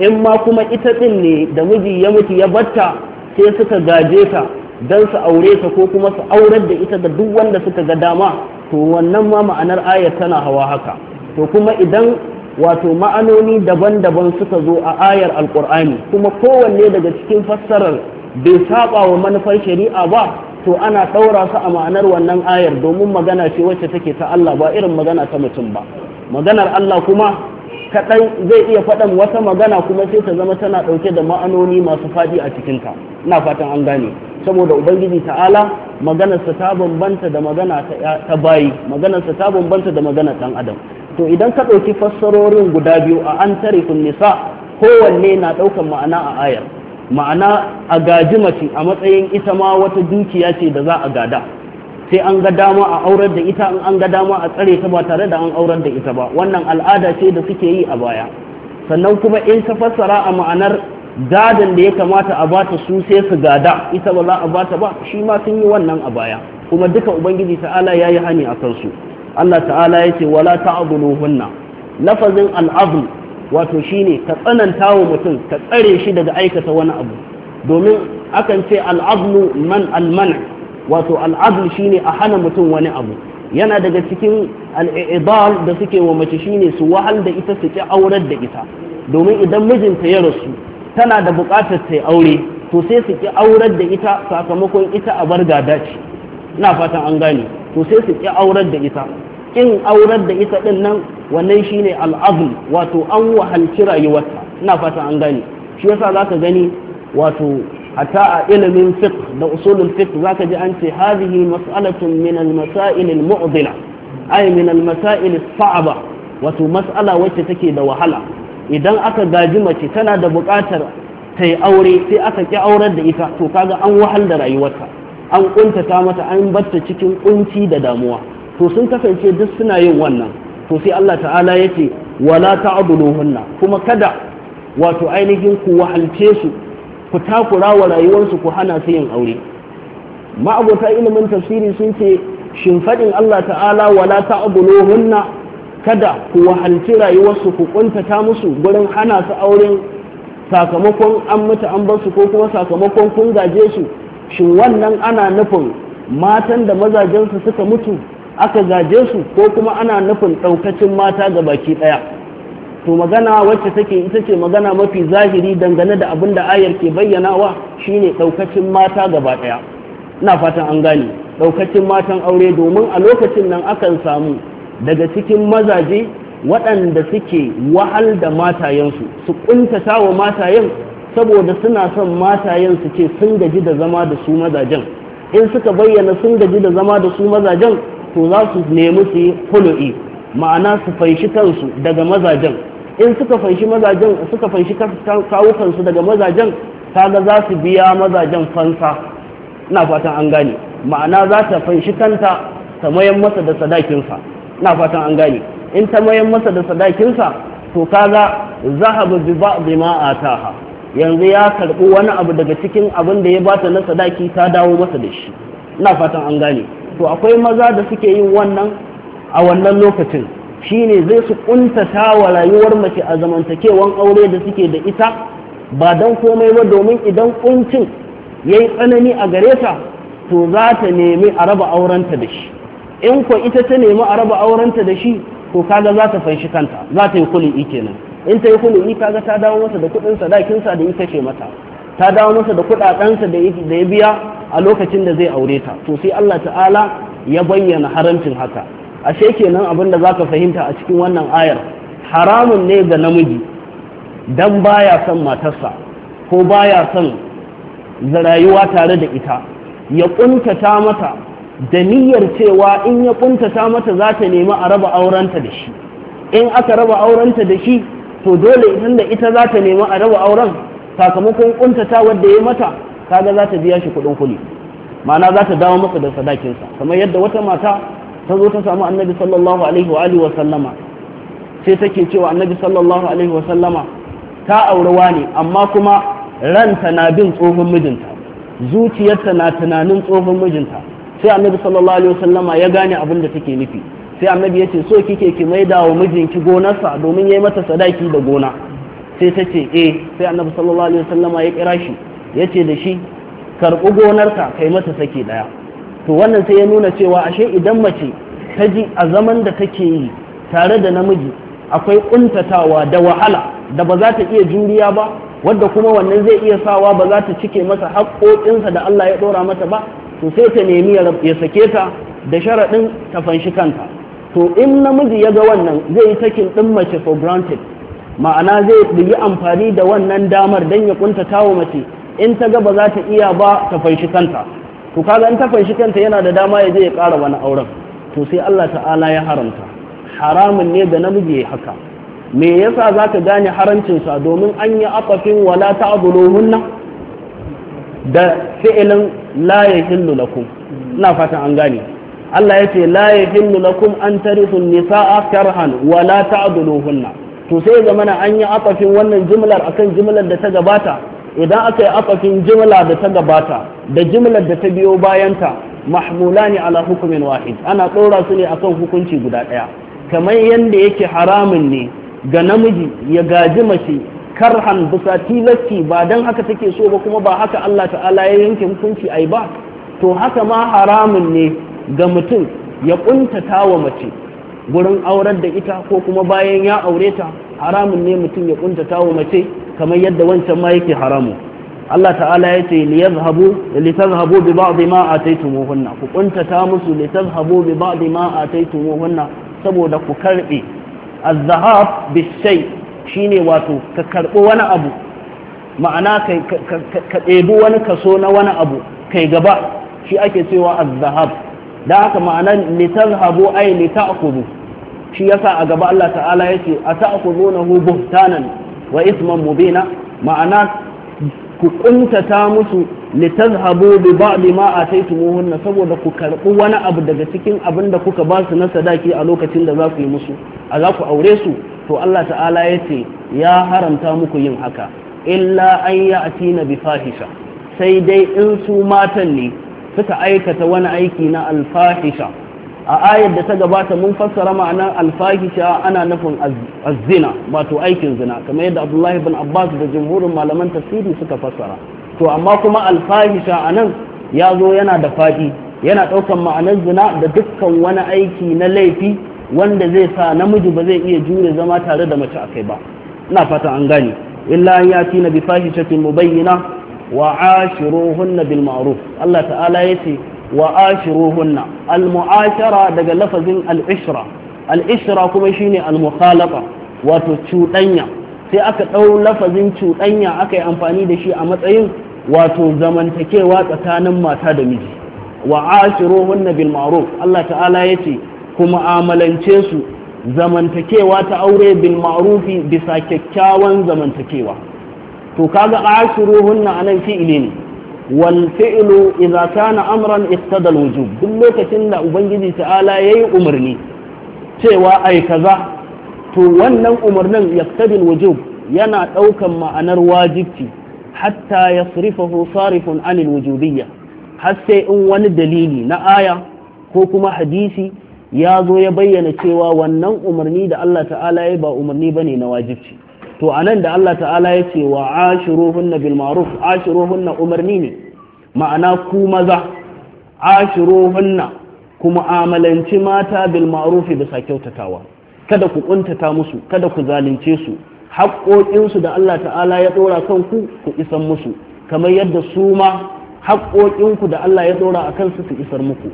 in ma kuma ita ɗin ne da miji ya mutu ya batta sai suka gaje ta don su aure ta ko kuma su aurar da ita da duk wanda suka ga dama to wannan ma ma'anar ayar tana hawa haka to kuma idan wato ma'anoni daban-daban suka zo a ayar alkur'ani kuma kowanne daga cikin fassarar bai saba wa manufar shari'a ba to ana ɗaura su a ma'anar wannan ayar domin magana ce wacce take ta Allah ba irin magana ta mutum ba maganar Allah kuma kaɗan zai iya faɗan wata magana kuma sai ta zama tana ɗauke da ma'anoni masu faɗi a cikinta ina fatan an gane saboda ubangiji ta'ala maganarsa ta bambanta da magana ta bayi maganarsa ta bambanta da maganar ɗan adam to idan ka ɗauki fassarorin guda biyu a an tare kun nisa kowanne na ɗaukar ma'ana a ayar ma'ana a gaji mace a matsayin ita ma wata dukiya ce da za a gada sai an ga dama a aurar da ita in an ga dama a tsare ta ba tare da an aurar da ita ba wannan al'ada ce da suke yi a baya sannan kuma in ta fassara a ma'anar gadon da ya kamata a bata su sai su gada ita ba za a bata ba shi ma sun yi wannan a baya kuma duka ubangiji ta'ala ya yi hani a kansu Allah ta'ala ya ce wala abuluhunna lafazin al'azl wato shine ka tsananta wa mutum ka tsare shi daga aikata wani abu domin akan ce al'adu man al-man' wato al'adl shine a hana mutum wani abu yana daga cikin al'idal da suke wa mace shine su wahal da ita su ki aurar da ita domin idan mijinta ya rasu tana da buƙatar ta aure to sai su ki aurar da ita sakamakon ita a bar gada ce ina fatan an gane to sai su ki aurar da ita in aurar da ita din nan wannan shine al'azl wato an wahalci rayuwarta ina fatan an gane shi yasa zaka gani wato hatta a ilimin fik da usulul fiqh zaka ji an ce hadhihi mas'alatun min al-masail al-mu'dila ay min al wato mas'ala wacce take da wahala idan aka gaji mace tana da buƙatar ta yi aure sai aka ki aurar da ita to kaga an wahal da rayuwarta an kuntata mata an barta cikin ƙunci da damuwa to sun kasance duk suna yin wannan to Allah ta'ala ya ce wala ta'duluhunna kuma kada wato ainihin ku wahalce su ku takura wa rayuwarsu ku hana su yin aure ma'abota ilimin tafsiri sun ce shin faɗin Allah ta'ala wala ta'buluhunna kada ku wahalci rayuwarsu ku kuntata musu gurin hana su auren sakamakon an mutu an bar su ko kuma sakamakon kun gaje su shin wannan ana nufin matan da mazajensu suka mutu aka gaje su ko kuma ana nufin ɗaukacin mata ga baki ɗaya to magana wacce take ita ce magana mafi zahiri dangane da abin da ayar ke bayyanawa shine daukacin mata gaba daya ina fatan an gane daukacin matan aure domin a lokacin nan akan samu daga cikin mazaje waɗanda suke wahal da matayensu su kuntata wa matayen saboda suna son matayen su ce sun gaji da zama da su mazajen in suka bayyana sun gaji da zama da su mazajen to za su nemi su yi ma'ana su faishi kansu daga mazajen in suka fanshi mazajen suka fanshi kawukansu daga mazajen kaga za su biya mazajen fansa ina fatan an gane ma'ana za ta fanshi kanta ta mayan masa da sadakinsa ina fatan an gane in ta mayan masa da sadakinsa to kaga zahaba bi ba'dhi ma ataha yanzu ya karbi wani abu daga cikin abin da ya bata na sadaki ta dawo masa da shi ina fatan an gane to akwai maza da suke yin wannan a wannan lokacin Shi ne zai su kuntata wa rayuwar mace a zamantakewan aure da suke da ita ba don komai ba domin idan kuncin ya yi tsanani a gare ta to za ta nemi a raba aurenta da shi in ko ita ta nemi a raba aurenta da shi to kaga za ta fanshi kanta za ta yi kuli'i kenan in ta yi kuli'i kaga ta dawo masa da kuɗin sadakinsa da ita ce mata ta dawo masa da kuɗaɗensa da ya biya a lokacin da zai aure ta to sai Allah ta'ala ya bayyana haramcin haka ashe kenan abin da zaka fahimta a cikin wannan ayar haramun ne ga namiji dan baya son matarsa ko baya son rayuwa tare da ita ya kuntata mata da niyyar cewa in ya kuntata mata za ta nemi a raba aurenta da shi in aka raba aurenta da shi to dole idan da ita za ta nemi a raba auren sakamakon kuntata wadda ya mata kaga za ta biya shi kuɗin kuli ma'ana za ta dawo masa da sadakinsa kamar yadda wata mata ta zo ta samu annabi sallallahu alaihi wa alihi wa sallama sai take cewa annabi sallallahu alaihi wa sallama ta auri ne amma kuma ranta na bin tsohon mijinta zuciyarta na tunanin tsohon mijinta sai annabi sallallahu alaihi wa sallama ya gane abin da take nufi sai annabi ya ce so kike ki maida wa mijinki gonarsa domin yayi mata sadaki da gona sai ta ce eh sai annabi sallallahu alaihi wa sallama ya kira shi ya ce da shi karɓi gonarka kai mata saki ɗaya to wannan sai ya nuna cewa ashe idan mace ta ji a zaman da take yi tare da namiji akwai kuntatawa da wahala da ba za ta iya juriya ba wadda kuma wannan zai iya sawa ba za ta cike masa haƙoƙinsa da Allah ya ɗora mata ba to sai ta nemi ya sake ta da sharaɗin ta fanshi kanta to in namiji ya ga wannan zai yi takin ɗin mace for granted ma'ana zai yi amfani da wannan damar don ya kuntatawa mace in ta ga ba za ta iya ba ta fanshi kanta to kaga in ta shi kanta yana da dama ya je ya ƙara wani auren to sai Allah ta'ala ya haramta haramun ne da namiji ya haka me yasa za ka gane sa domin an yi aqafin wala ta'buduhunna da fi'ilin la yahillu lakum ina fatan an gane Allah ya ce la yahillu lakum an tarithu nisaa karhan wala ta'buduhunna to sai zamana an yi aqafin wannan jimlar akan jimlar da ta gabata idan aka yi afafin jimla da ta gabata da jimlar da ta biyo bayanta mahmula ne ala hukumin wahid ana ɗora su ne akan hukunci guda ɗaya kamar yadda yake haramun ne ga namiji ya gaji mace karhan bisa tilasti ba don haka take so ba kuma ba haka Allah ta'ala ya yanke hukunci ai ba to haka ma haramun ne ga mutum ya ƙuntata wa mace gurin aurar da ita ko kuma bayan ya aure ta haramun ne mutum ya ƙuntata wa mace kamar yadda wancan ma yake haramu Allah ta'ala ya ce liyazhabu litazhabu bi ba'd ma ataytumuhunna ku kuntata musu litazhabu bi ba'd ma ataytumuhunna saboda ku karbe az-zahab bishay shine wato ka karbo wani abu ma'ana kai ka ɗebi wani kaso na wani abu kai gaba shi ake cewa az-zahab da haka ma'anar litazhabu ay lita'khudhu shi yasa a gaba Allah ta'ala yace ata'khudhunahu buhtanan wa isman mubina ma'ana ku kuntata musu litazhabu bi ba'di ma ataytumuhunna saboda ku karbi wani abu daga cikin abin da kuka ba su na sadaki a lokacin da za ku yi musu a za ku aure su to Allah ta'ala ya ce ya haramta muku yin haka illa an ya'tina bi fahisha sai dai in su matan ne suka aikata wani aiki na alfahisha a ayar da ta gabata mun fassara ma'anar alfahisha ana nufin azzina wato aikin zina kamar yadda abdullahi bin abbas da jimhurin malaman tasiri suka fassara to amma kuma alfahisha a nan ya zo yana da faɗi yana ɗaukan ma'anar zina da dukkan wani aiki na laifi wanda zai sa namiji ba zai iya jure zama tare da mace a kai ba ina fata an gane illa ya na bi fahishatin mubayyina wa ashiruhunna bil ma'ruf Allah ta'ala yace wa ashiruhunna al-mu'ashara daga lafazin al-ishra al-ishra kuma shine al-mukhalaqa wato cuɗanya sai aka ɗau lafazin cuɗanya aka yi amfani da shi a matsayin wato zamantakewa tsakanin mata da miji wa ashiruhunna bil ma'ruf Allah ta'ala yace kuma amalance su zamantakewa ta aure bil ma'ruf bisa kyakkyawan zamantakewa to kaga ashiruhunna anan fi'ili ne wal fi'lu idza kana amran iqtada al wujub duk lokacin da ubangiji ta'ala yayi umarni cewa ai kaza to wannan umarnin yaqtadi al wujub yana daukan ma'anar wajibci hatta ya sarifun an anin wujubiyya har sai in wani dalili na aya ko kuma hadisi ya zo ya bayyana cewa wannan umarni da Allah ta'ala ya ba umarni bane na wajibci to a nan da Allah ta'ala ya ce wa na bil ma'ruf na umarni ne ma'ana ku maza na, ku mu'amalanci mata bil bisa kyautatawa kada ku kuntata musu kada ku zalunce su haƙoƙinsu da Allah ta'ala ya ɗora kan ku ku isan musu kamar yadda su ma haƙoƙinku da Allah ya ɗora a kansu su isar muku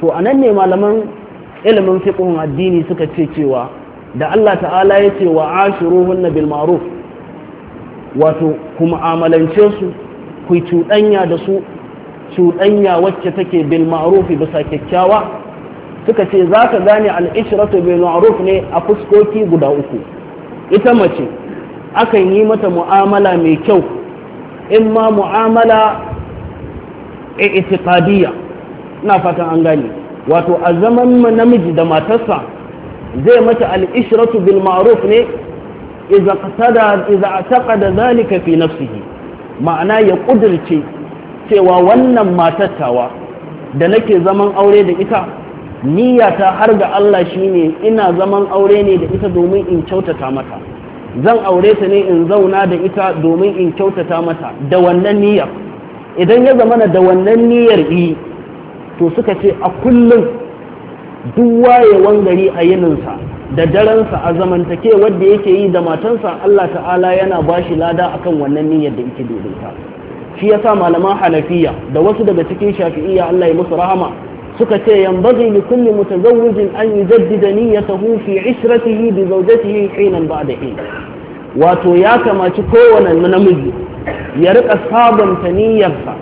to a nan ne malaman ilimin fiqhun addini suka ce cewa da Allah ta'ala ya ce wa ashiruhunna bil ma'ruf wato ku mu'amalance su ku cuɗanya da su cuɗanya wacce take bilmarufi ma'ruf bisa kyakkyawa suka ce za ka gane al'ishratu bil ne a fuskoki guda uku ita mace akan yi mata mu'amala mai kyau in ma mu'amala itiqadiyya ina fatan an gane wato a zaman namiji da matarsa zai mata Alishiratu bil ma'aruf ne iza qasada iza zalika fi nafsihi ma'ana ya kudirce cewa wannan matattawa da nake zaman aure da ita niyyata har ga Allah ne ina zaman aure ne da ita domin in kyautata mata zan aure ta ne in zauna da ita domin in kyautata mata da wannan niyyar idan ya zamana da wannan niyyar yi eh, to suka ce a kullum duk wayewan gari a yininsa da daransa a zamantake wadda yake yi da matansa Allah ta'ala yana bashi lada akan wannan niyyar da yake daidaita shi yasa malaman halafiya da wasu daga cikin shafi'iyya Allah ya musu rahama suka ce yanbaghi li kulli mutazawwijin an yujaddida niyyatahu fi ishratihi bi zawjatihi hinan ba'da hin wato ya kamaci kowane namiji ya rika sabanta niyyarsa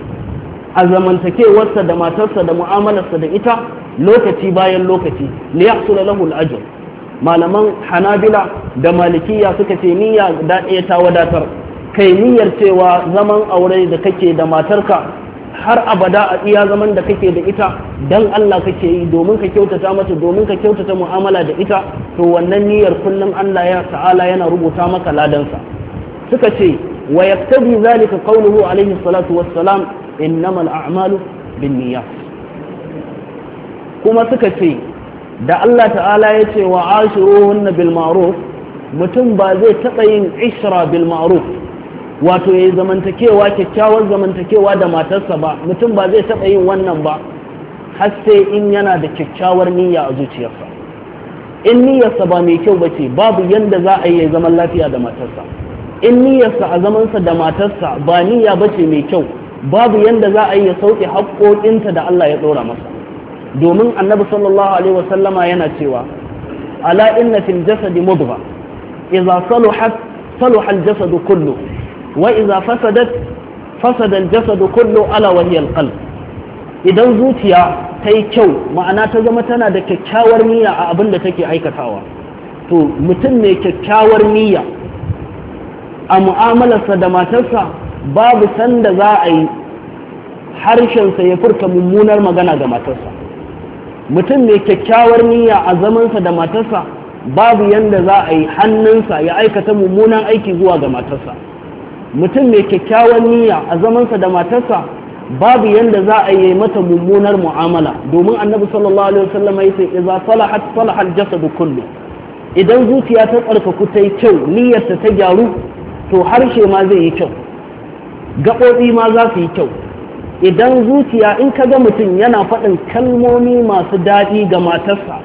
a zamantakewarsa da matarsa da mu'amalarsa da ita lokaci bayan lokaci li yahsula lahu al-ajr malaman hanabila da malikiya suka ce niyya da ɗaya ta wadatar kai niyyar cewa zaman aure da kake da matarka har abada a iya zaman da kake da ita dan Allah kake yi domin ka kyautata mata domin ka kyautata mu'amala da ita to wannan niyyar kullum Allah ya ta'ala yana rubuta maka ladansa suka ce wa yaktabi zalika qawluhu alayhi salatu wassalam innamal a'malu binniyat kuma suka ce da Allah ta'ala ya ce wa ashiruhunna bil ma'ruf mutum ba zai taɓa yin ishra bil ma'ruf wato yayi zamantakewa kyakkyawar zamantakewa da matarsa ba mutum ba zai taɓa yin wannan ba har sai in yana da kyakkyawar niyya a zuciyarsa in niyyarsa ba mai kyau bace babu yanda za a yi zaman lafiya da matarsa in niyyarsa a zamansa da matarsa ba niyya bace mai kyau babu yanda za a yi ya sauke haƙoƙinta da Allah ya tsora masa domin annabi sallallahu alaihi wasallama yana cewa ala inna fil jasadi mudgha idza saluhat saluha al jasadu kullu wa idza fasadat fasada al jasadu kullu ala wa al qalb idan zuciya ta yi kyau ma'ana ta zama tana da kyakkyawar niyya a abin da take aikatawa to mutum mai kyakkyawar niyya a mu'amalarsa da matarsa babu sanda za a yi harshensa ya furta mummunar magana ga matarsa mutum mai kyakkyawar niyya a zamansa da matarsa babu yanda za a yi hannunsa ya aikata mummunan aiki zuwa ga matarsa mutum mai kyakkyawar niyya a zamansa da matarsa babu yanda za a yi mata mummunar mu'amala domin annabi sallallahu alaihi wasallam ya ce idza salahat salahal jasadu kullu idan zuciya ta tsarkaku ta yi kyau niyyarta ta gyaru to harshe ma zai yi kyau gaɓoɓi ma za su yi kyau idan zuciya in ka ga mutum yana faɗin kalmomi masu daɗi ga matarsa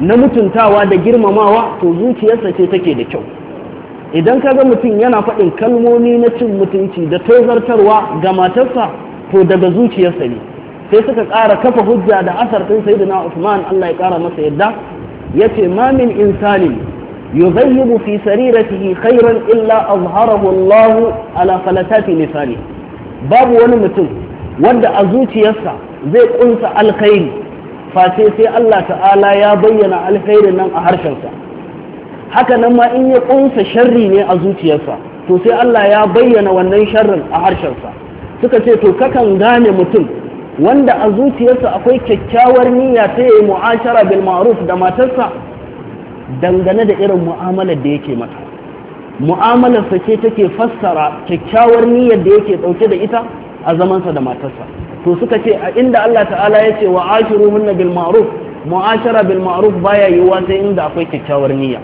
na mutuntawa da girmamawa to zuciyarsa ce take da kyau idan ka ga mutum yana faɗin kalmomi na cin mutunci da tozartarwa ga matarsa to daga zuciyarsa ne sai suka ƙara kafa hujja da asar ɗin sai sayyidina Usman Allah ya ƙara masa yadda yace ma min insanin يغيب في سريرته خيرا إلا أظهره الله على فلتات لسانه باب ونمتم ود أزوتي يسع زي قنص الخير فاتيسي الله تعالى يا بينا الخير نم أهرشنسا haka nan ma in ya ƙunsa sharri ne a zuciyarsa to sai Allah ya bayyana wannan sharrin a harshensa suka ce to kakan gane mutum wanda a zuciyarsa akwai kyakkyawar niyya ta yi mu'ashara bil ma'ruf da matarsa dangane da irin mu'amalar da yake mata mu'amalarsa ce take fassara kyakkyawar niyyar da yake dauke da ita a zamansa da matarsa to suka ce a inda Allah ta'ala ya ce wa ashiru hunna bil ma'ruf mu'ashara bil ma'ruf baya yiwuwa sai inda akwai kyakkyawar niyya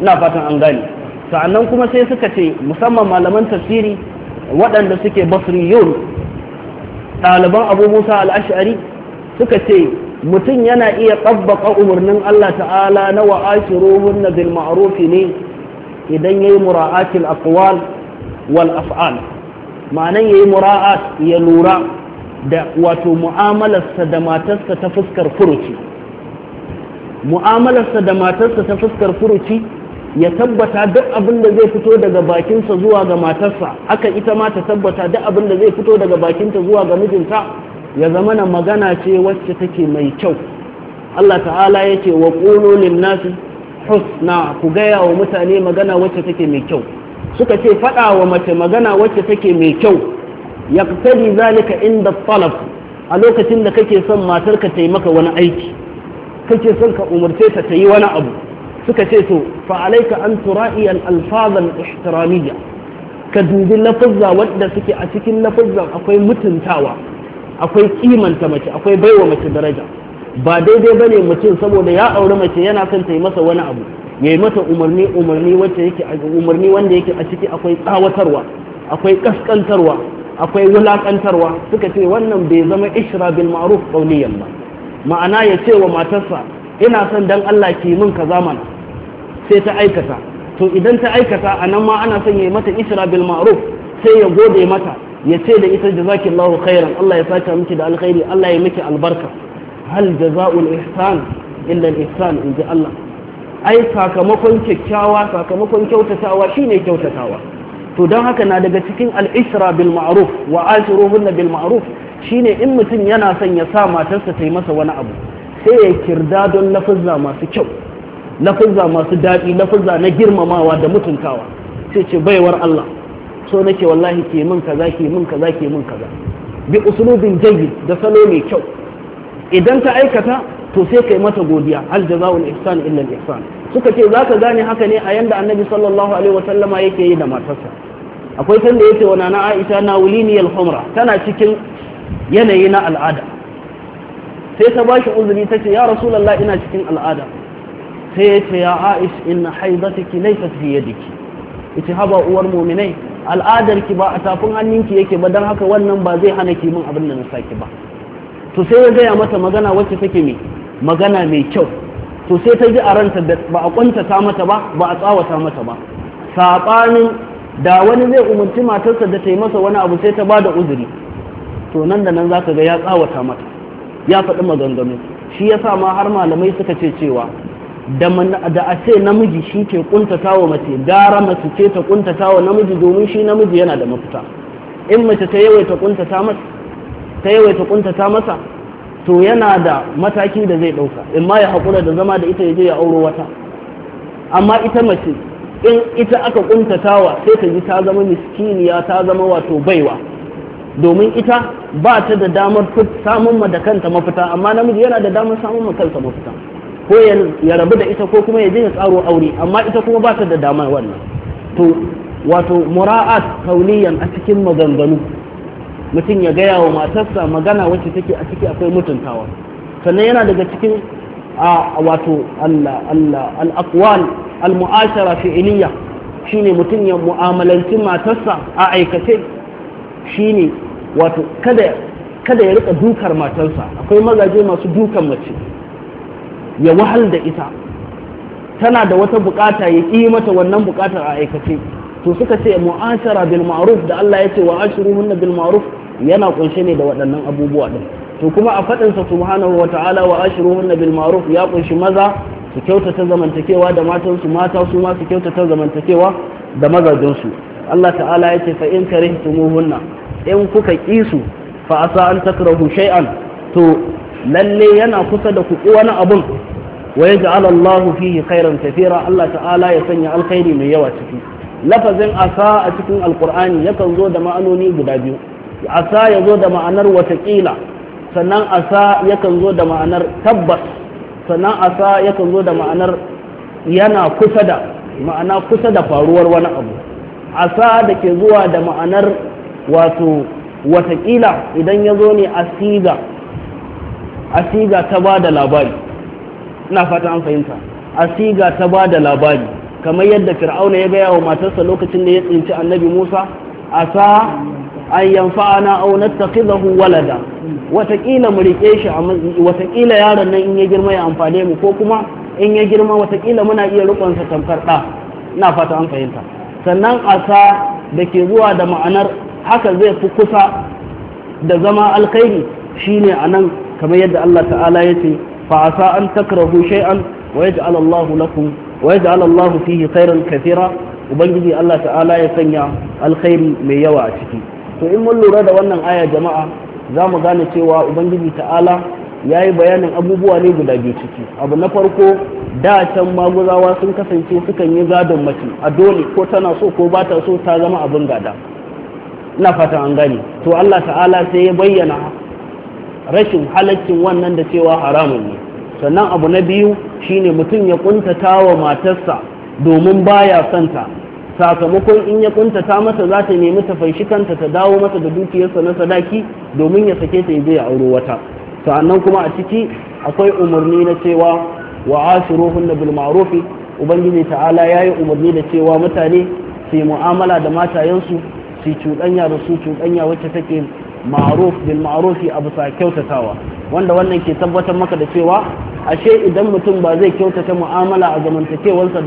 ina fatan an gane sa'annan kuma sai suka ce musamman malaman tafsiri waɗanda suke basriyun ɗaliban abu musa al-ash'ari suka ce mutum yana iya ƙabbaka umarnin Allah ta'ala na ruhun na bil ma'arufi ne idan ya yayi mura'akin aqwal wal af'al ma'anan yi mura'at ya lura da wato mu'amalarsa da matarsa ta fuskar furuci mu'amalarsa da matarsa ta fuskar furuci ya tabbata duk abin da zai fito daga bakinsa zuwa ga matarsa haka ita ma ta tabbata duk abin da zai fito daga bakinta zuwa ga mijinta ya zama na magana ce wacce take mai kyau Allah ta'ala ya ce wa ƙulo nasu, husna ku gaya wa mutane magana wacce take mai kyau suka ce faɗa wa mace magana wacce take mai kyau ya tsari zalika inda falaf a lokacin da kake son matar ka taimaka wani aiki kake son ka umarce ta ta yi wani abu suka ce to fa'alaika an tura'i alfazan ka dubi lafazza wadda suke a cikin lafazzan akwai mutuntawa akwai kimanta mace akwai baiwa mace daraja ba daidai bane mutum saboda ya auri mace yana son ta yi masa wani abu ya yi mata umarni umarni wacce yake umarni wanda yake a ciki akwai tsawatarwa akwai kaskantarwa akwai wulakantarwa suka ce wannan bai zama ishra bil ma'ruf qawliyan ba ma'ana ya ce wa matarsa ina son dan Allah ki min ka zamana, sai ta aikata to idan ta aikata anan ma ana son ya yi mata ishra bil ma'ruf sai ya gode mata ya ce da ita jazakallahu khairan Allah ya saka miki da alkhairi Allah ya miki albarka hal jazaul ihsan illa al ihsan inji Allah ai sakamakon kyakkyawa sakamakon kyautatawa shine kyautatawa to don haka na daga cikin al'isra bil ma'ruf wa ashiruhunna bil ma'ruf shine in mutum yana son ya sa matarsa ta yi masa wani abu sai ya kirda don lafuzza masu kyau lafuzza masu daɗi lafuzza na girmamawa da mutuntawa sai ce baiwar Allah so nake wallahi ke min kaza ke min kaza ke min kaza bi usulubin jayyid da salo mai kyau idan ta aikata to sai kai mata godiya hal jazaa'ul ihsan illa al ihsan suka ce zaka gane haka ne a yanda annabi sallallahu alaihi wasallama yake yi da matarsa akwai kan da yace wa nana Aisha na wulini al humra tana cikin yanayi na al'ada sai ta bashi uzuri tace ya rasulullah ina cikin al'ada sai yace ya Aisha inna haidatiki laysat bi yadiki ita haba uwar mu'minai Al'adarki ba a tafin hannunki yake ba don haka wannan ba zai hana ki min abin da na saki ba to sai ya gaya mata magana wacce take mai magana mai kyau to sai ta ji a ranta da ba a ta mata ba ba a tsawata mata ba saɓanin da wani zai umarci matarsa da ta yi masa wani abu sai ta ba da uzuri to nan da nan za ka ga ya tsawata mata ya faɗi maganganu shi ya sa ma har malamai suka ce cewa da a ce namiji shi ke kuntata wa mace gara mace ce ta kuntata wa namiji domin shi namiji yana da mafita in mace ta yawaita kuntata masa ta yawaita kuntata masa to yana da mataki da zai dauka in ma ya haƙura da zama da ita ya je ya auro wata amma ita mace in ita aka kuntatawa sai ta ji ta zama miskiniya ta zama wato baiwa domin ita ba ta da damar samun ma da kanta mafita amma namiji yana da damar samun ma kanta mafita ko ya rabu da ita ko kuma ya je ya tsaro aure amma ita kuma ba ta da dama wannan to wato mura'at kauliyan a cikin maganganu mutum ya gaya wa matarsa magana wacce take a ciki akwai mutuntawa sannan yana daga cikin a wato al-aqwal al-mu'ashara fi'iliya shine mutum ya mu'amalanci matarsa a aikace shine wato kada kada ya rika dukar matarsa akwai magaje masu dukan mace ya wahal da ita tana da wata bukata ya ƙi mata wannan bukatar a aikace to suka ce mu'ashara bil ma'ruf da Allah ya ce wa ashiruhunna bil ma'ruf yana kunshe ne da waɗannan abubuwa din to kuma a faɗin sa subhanahu wa ta'ala wa ashiruhunna bil ma'ruf ya kunshi maza su kyautata zamantakewa da matan su mata su ma su kyautata zamantakewa da mazajin su Allah ta'ala ya ce fa in karihtumuhunna in kuka kisu fa asa an takrahu shay'an to lalle yana kusa da ku wani abun wa yaj'al Allahu fihi khairan kathira Allah ta'ala ya sanya alkhairi mai yawa ciki lafazin asa a cikin alqur'ani yakan zo da ma'anoni guda biyu asa ya zo da ma'anar watakila sannan asa yakan zo da ma'anar tabbas sannan asa yakan zo da ma'anar yana kusa da ma'ana kusa da faruwar wani abu asa da ke zuwa da ma'anar wato watakila idan ya zo ne asiga asiga ta ba da labari ina fata an fahimta asiga ta ba da labari kamar yadda fir'auna ya gaya wa matarsa lokacin da ya tsinci annabi musa asa an yanfa'ana aw nattakhidhahu walada watakila mu rike shi a watakila yaron nan in ya girma ya amfane mu ko kuma in ya girma watakila muna iya rukun sa tamkar da ina fata an fahimta sannan asa da ke zuwa da ma'anar haka zai fi kusa da zama alkhairi shine anan kamar yadda Allah ta'ala ya ce fa an takrahu shay'an wa yaj'al Allah lakum wa yaj'al Allah fihi khairan kathira ubangiji Allah ta'ala ya sanya alkhairi mai yawa a ciki to in mun lura da wannan aya jama'a za mu gane cewa ubangiji ta'ala ya yi bayanin abubuwa ne guda biyu ciki abu na farko da can maguzawa sun kasance sukan yi gadon mace a dole ko tana so ko ba ta so ta zama abin gada ina fatan an gane to Allah ta'ala sai ya bayyana rashin halaccin wannan da cewa haramun ne sannan abu na biyu shine mutum ya kuntata wa matarsa domin baya santa sakamakon in ya kuntata masa za ta nemi ta fanshi kanta ta dawo masa da dukiyarsa na sadaki domin ya sake ta zai auro wata sannan kuma a ciki akwai umarni na cewa wa ashiruhunna bil ma'rufi ubangiji ta'ala yayi umarni da cewa mutane su mu'amala da matayensu su cuɗanya da su cuɗanya wacce take ma'ruf bil ma'rufi abu sa kyautatawa wanda wannan ke tabbatar maka da cewa ashe idan mutum ba zai kyautata mu'amala a zamantakewarsa